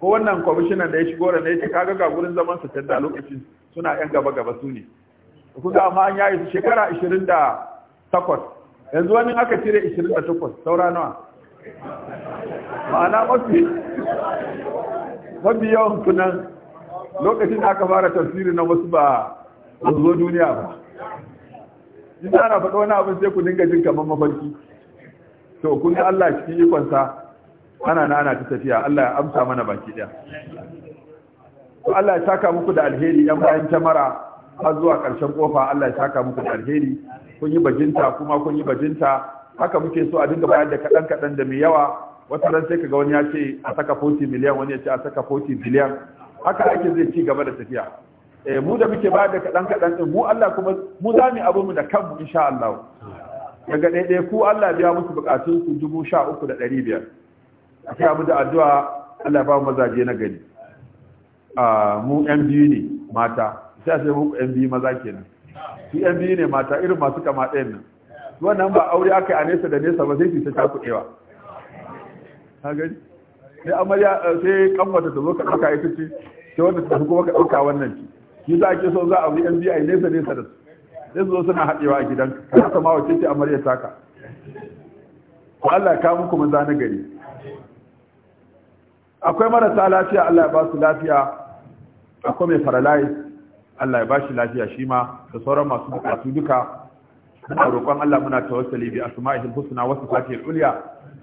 ko wannan kwamishinan da ya shigo da ya ce kaga ga gurin zaman sa canza lokacin suna yan gaba gaba su ne ku ga amma an yayi shekara 28 yanzu wani aka cire 28 saura nawa ma'ana mafi mafi yawan kunan lokacin da aka fara tafsiri na wasu ba a zo duniya ba ina ana faɗo wani abin sai ku dinga jin kamar mafarki to kun ga Allah cikin ikonsa ana na ana ta tafiya Allah ya amsa mana baki ɗaya to Allah ya saka muku da alheri yan bayan kyamara har zuwa ƙarshen ƙofa. Allah ya saka muku da alheri kun yi bajinta kuma kun yi bajinta haka muke so a dinga bayar da kaɗan kaɗan da mai yawa wata ran sai kaga wani ya ce a saka 40 miliyan wani ya ce a saka 40 biliyan haka ake zai ci gaba da tafiya eh mu da muke bayar da kaɗan kaɗan din mu Allah kuma mu za mu abu mu da kanmu insha Allah daga ɗaya ku Allah biya musu bukatun su dubu sha uku da ɗari biyar a kai mu da addu'a Allah ba mu mazaje na gari a mu yan biyu ne mata sai sai mu yan biyu maza kenan su yan biyu ne mata irin masu kama ɗayan nan wannan ba aure aka yi a nesa da nesa ba sai su ta cakuɗewa sai amarya eh, sai kanwata ta zo ka ɗauka ita ce sai wanda ta kuma ka ɗauka wannan ce shi za a ke so za a bi yan yi nesa nesa da su sai su zo suna haɗewa a gidan ka ta ma wace ce amarya taka ko Allah ya kawo muku maza na gari akwai marasa lafiya Allah ya ba su lafiya akwai mai paralyzed Allah ya ba shi lafiya shi ma da sauran masu bukatu duka muna roƙon Allah muna tawassuli bi asma'ihil husna wa sifatihil ulya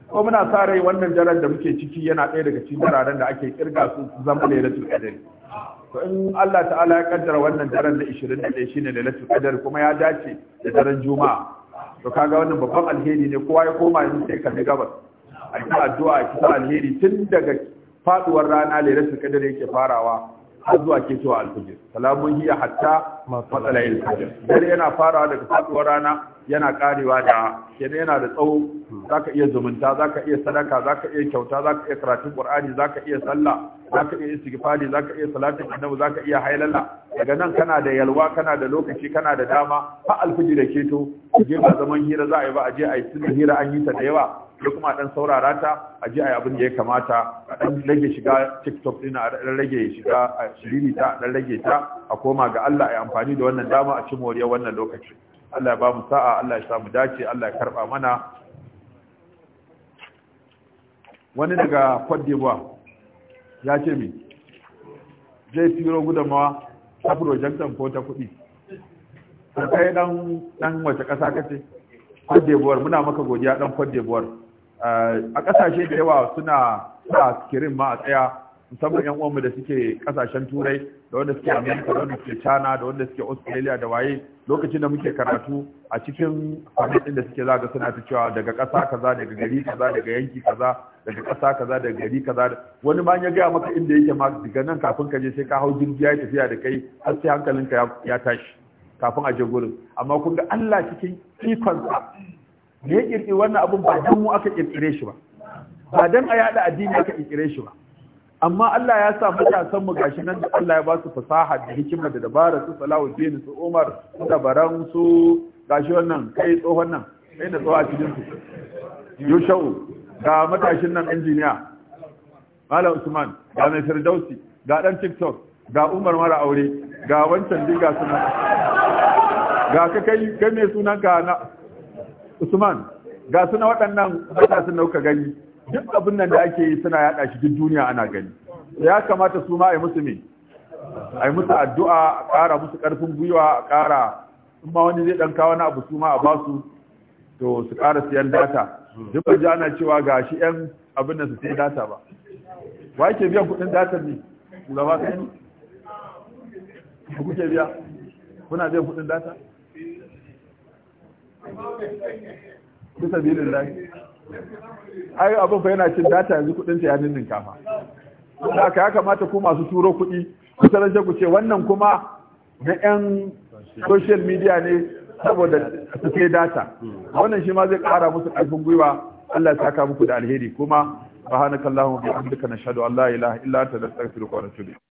ko muna sa rai wannan daren da muke ciki yana ɗaya daga cikin dararen da ake kirga su zama lailatul qadr to in Allah ta'ala ya kaddara wannan daren da 21 shine lailatul qadr kuma ya dace da daren juma'a to kaga wannan babban alheri ne kowa ya koma yin sai kalli gabas a yi addu'a a kisa alheri tun daga faduwar rana lailatul qadr yake farawa har zuwa cewa alfijir salamun hiya hatta ma fajr dare yana farawa daga faduwar rana yana karewa da kenan yana da tsawo zaka iya zumunta zaka iya sadaka zaka iya kyauta zaka iya karatun qur'ani zaka iya sallah zaka iya istighfari zaka iya salatin annabi zaka iya hailala daga nan kana da yalwa kana da lokaci kana da dama fa alfijir da keto je ba zaman hira za a yi ba a je a yi hira an yi ta da yawa ko kuma dan saurara ta a je a yi abin da ya kamata ɗan rage shiga tiktok din a dan rage shiga a shiriri ta dan rage ta a koma ga Allah ya amfani da wannan dama a ci moriyar wannan lokaci Allah ya ba mu sa'a Allah ya samu dace Allah ya karba mana wani daga Cote d'Ivoire ya ce mi zai tiro gudunmawa ta projektan ko ta kuɗi ka kai ɗan wace ƙasa kace Cote d'Ivoire muna maka godiya ɗan Cote d'Ivoire eh, a ƙasashe da yawa suna da kirin ma a tsaya musamman yan uwanmu da suke kasashen turai da wanda suke amerika da wanda suke china da wanda suke australia da waye lokacin da muke karatu a cikin kwamitin da suke zaga suna ta cewa daga kasa kaza daga gari kaza daga yanki kaza daga kasa kaza daga gari kaza wani ma ya gaya maka inda yake ma daga nan kafin ka je sai ka hau jirgi ya tafiya da kai har sai hankalinka ya tashi kafin a je gurin amma kun ga Allah cikin ikonsa ne ya kirkiri wannan abun ba don mu aka kirkire shi ba ba don a yada addini aka ƙirƙire shi ba amma Allah ya sa matasan mu gashi nan da Allah ya ba su fasaha da hikima da dabara su Salahuddin su Umar su Dabaran su gashi wannan kai tsohon nan kai da tsowa cikin su Yushau ga matashin nan injiniya Malam Usman ga mai Firdausi ga dan TikTok ga Umar mara aure ga wancan diga suna ga ka kai kai mai sunan ka na Usman ga suna waɗannan matasan nauka gani duk abin nan da ake yi suna yada shi duk duniya ana gani ya kamata su ma ai musu me a musu addu'a a ƙara musu ƙarfin gwiwa a ƙara in ma wani zai ɗan kawo na abu su ma a basu to su ƙara siyan data duk ban ji ana cewa ga shi ƴan abin da su sai data ba wa yake biyan kuɗin data ne shugaba kai ne ku kuke biya kuna biyan kuɗin data bisa bilin lafiya ai abin fa yana cin data yanzu kudin ta ya ninkafa. fa haka ya kamata ku masu turo kuɗi kusan sai ku ce wannan kuma na yan social media ne saboda su kai data wannan shi ma zai kara musu kafin gwiwa Allah ya saka muku da alheri kuma subhanakallahumma bihamdika nashhadu an la ilaha illa anta nastaghfiruka wa natubu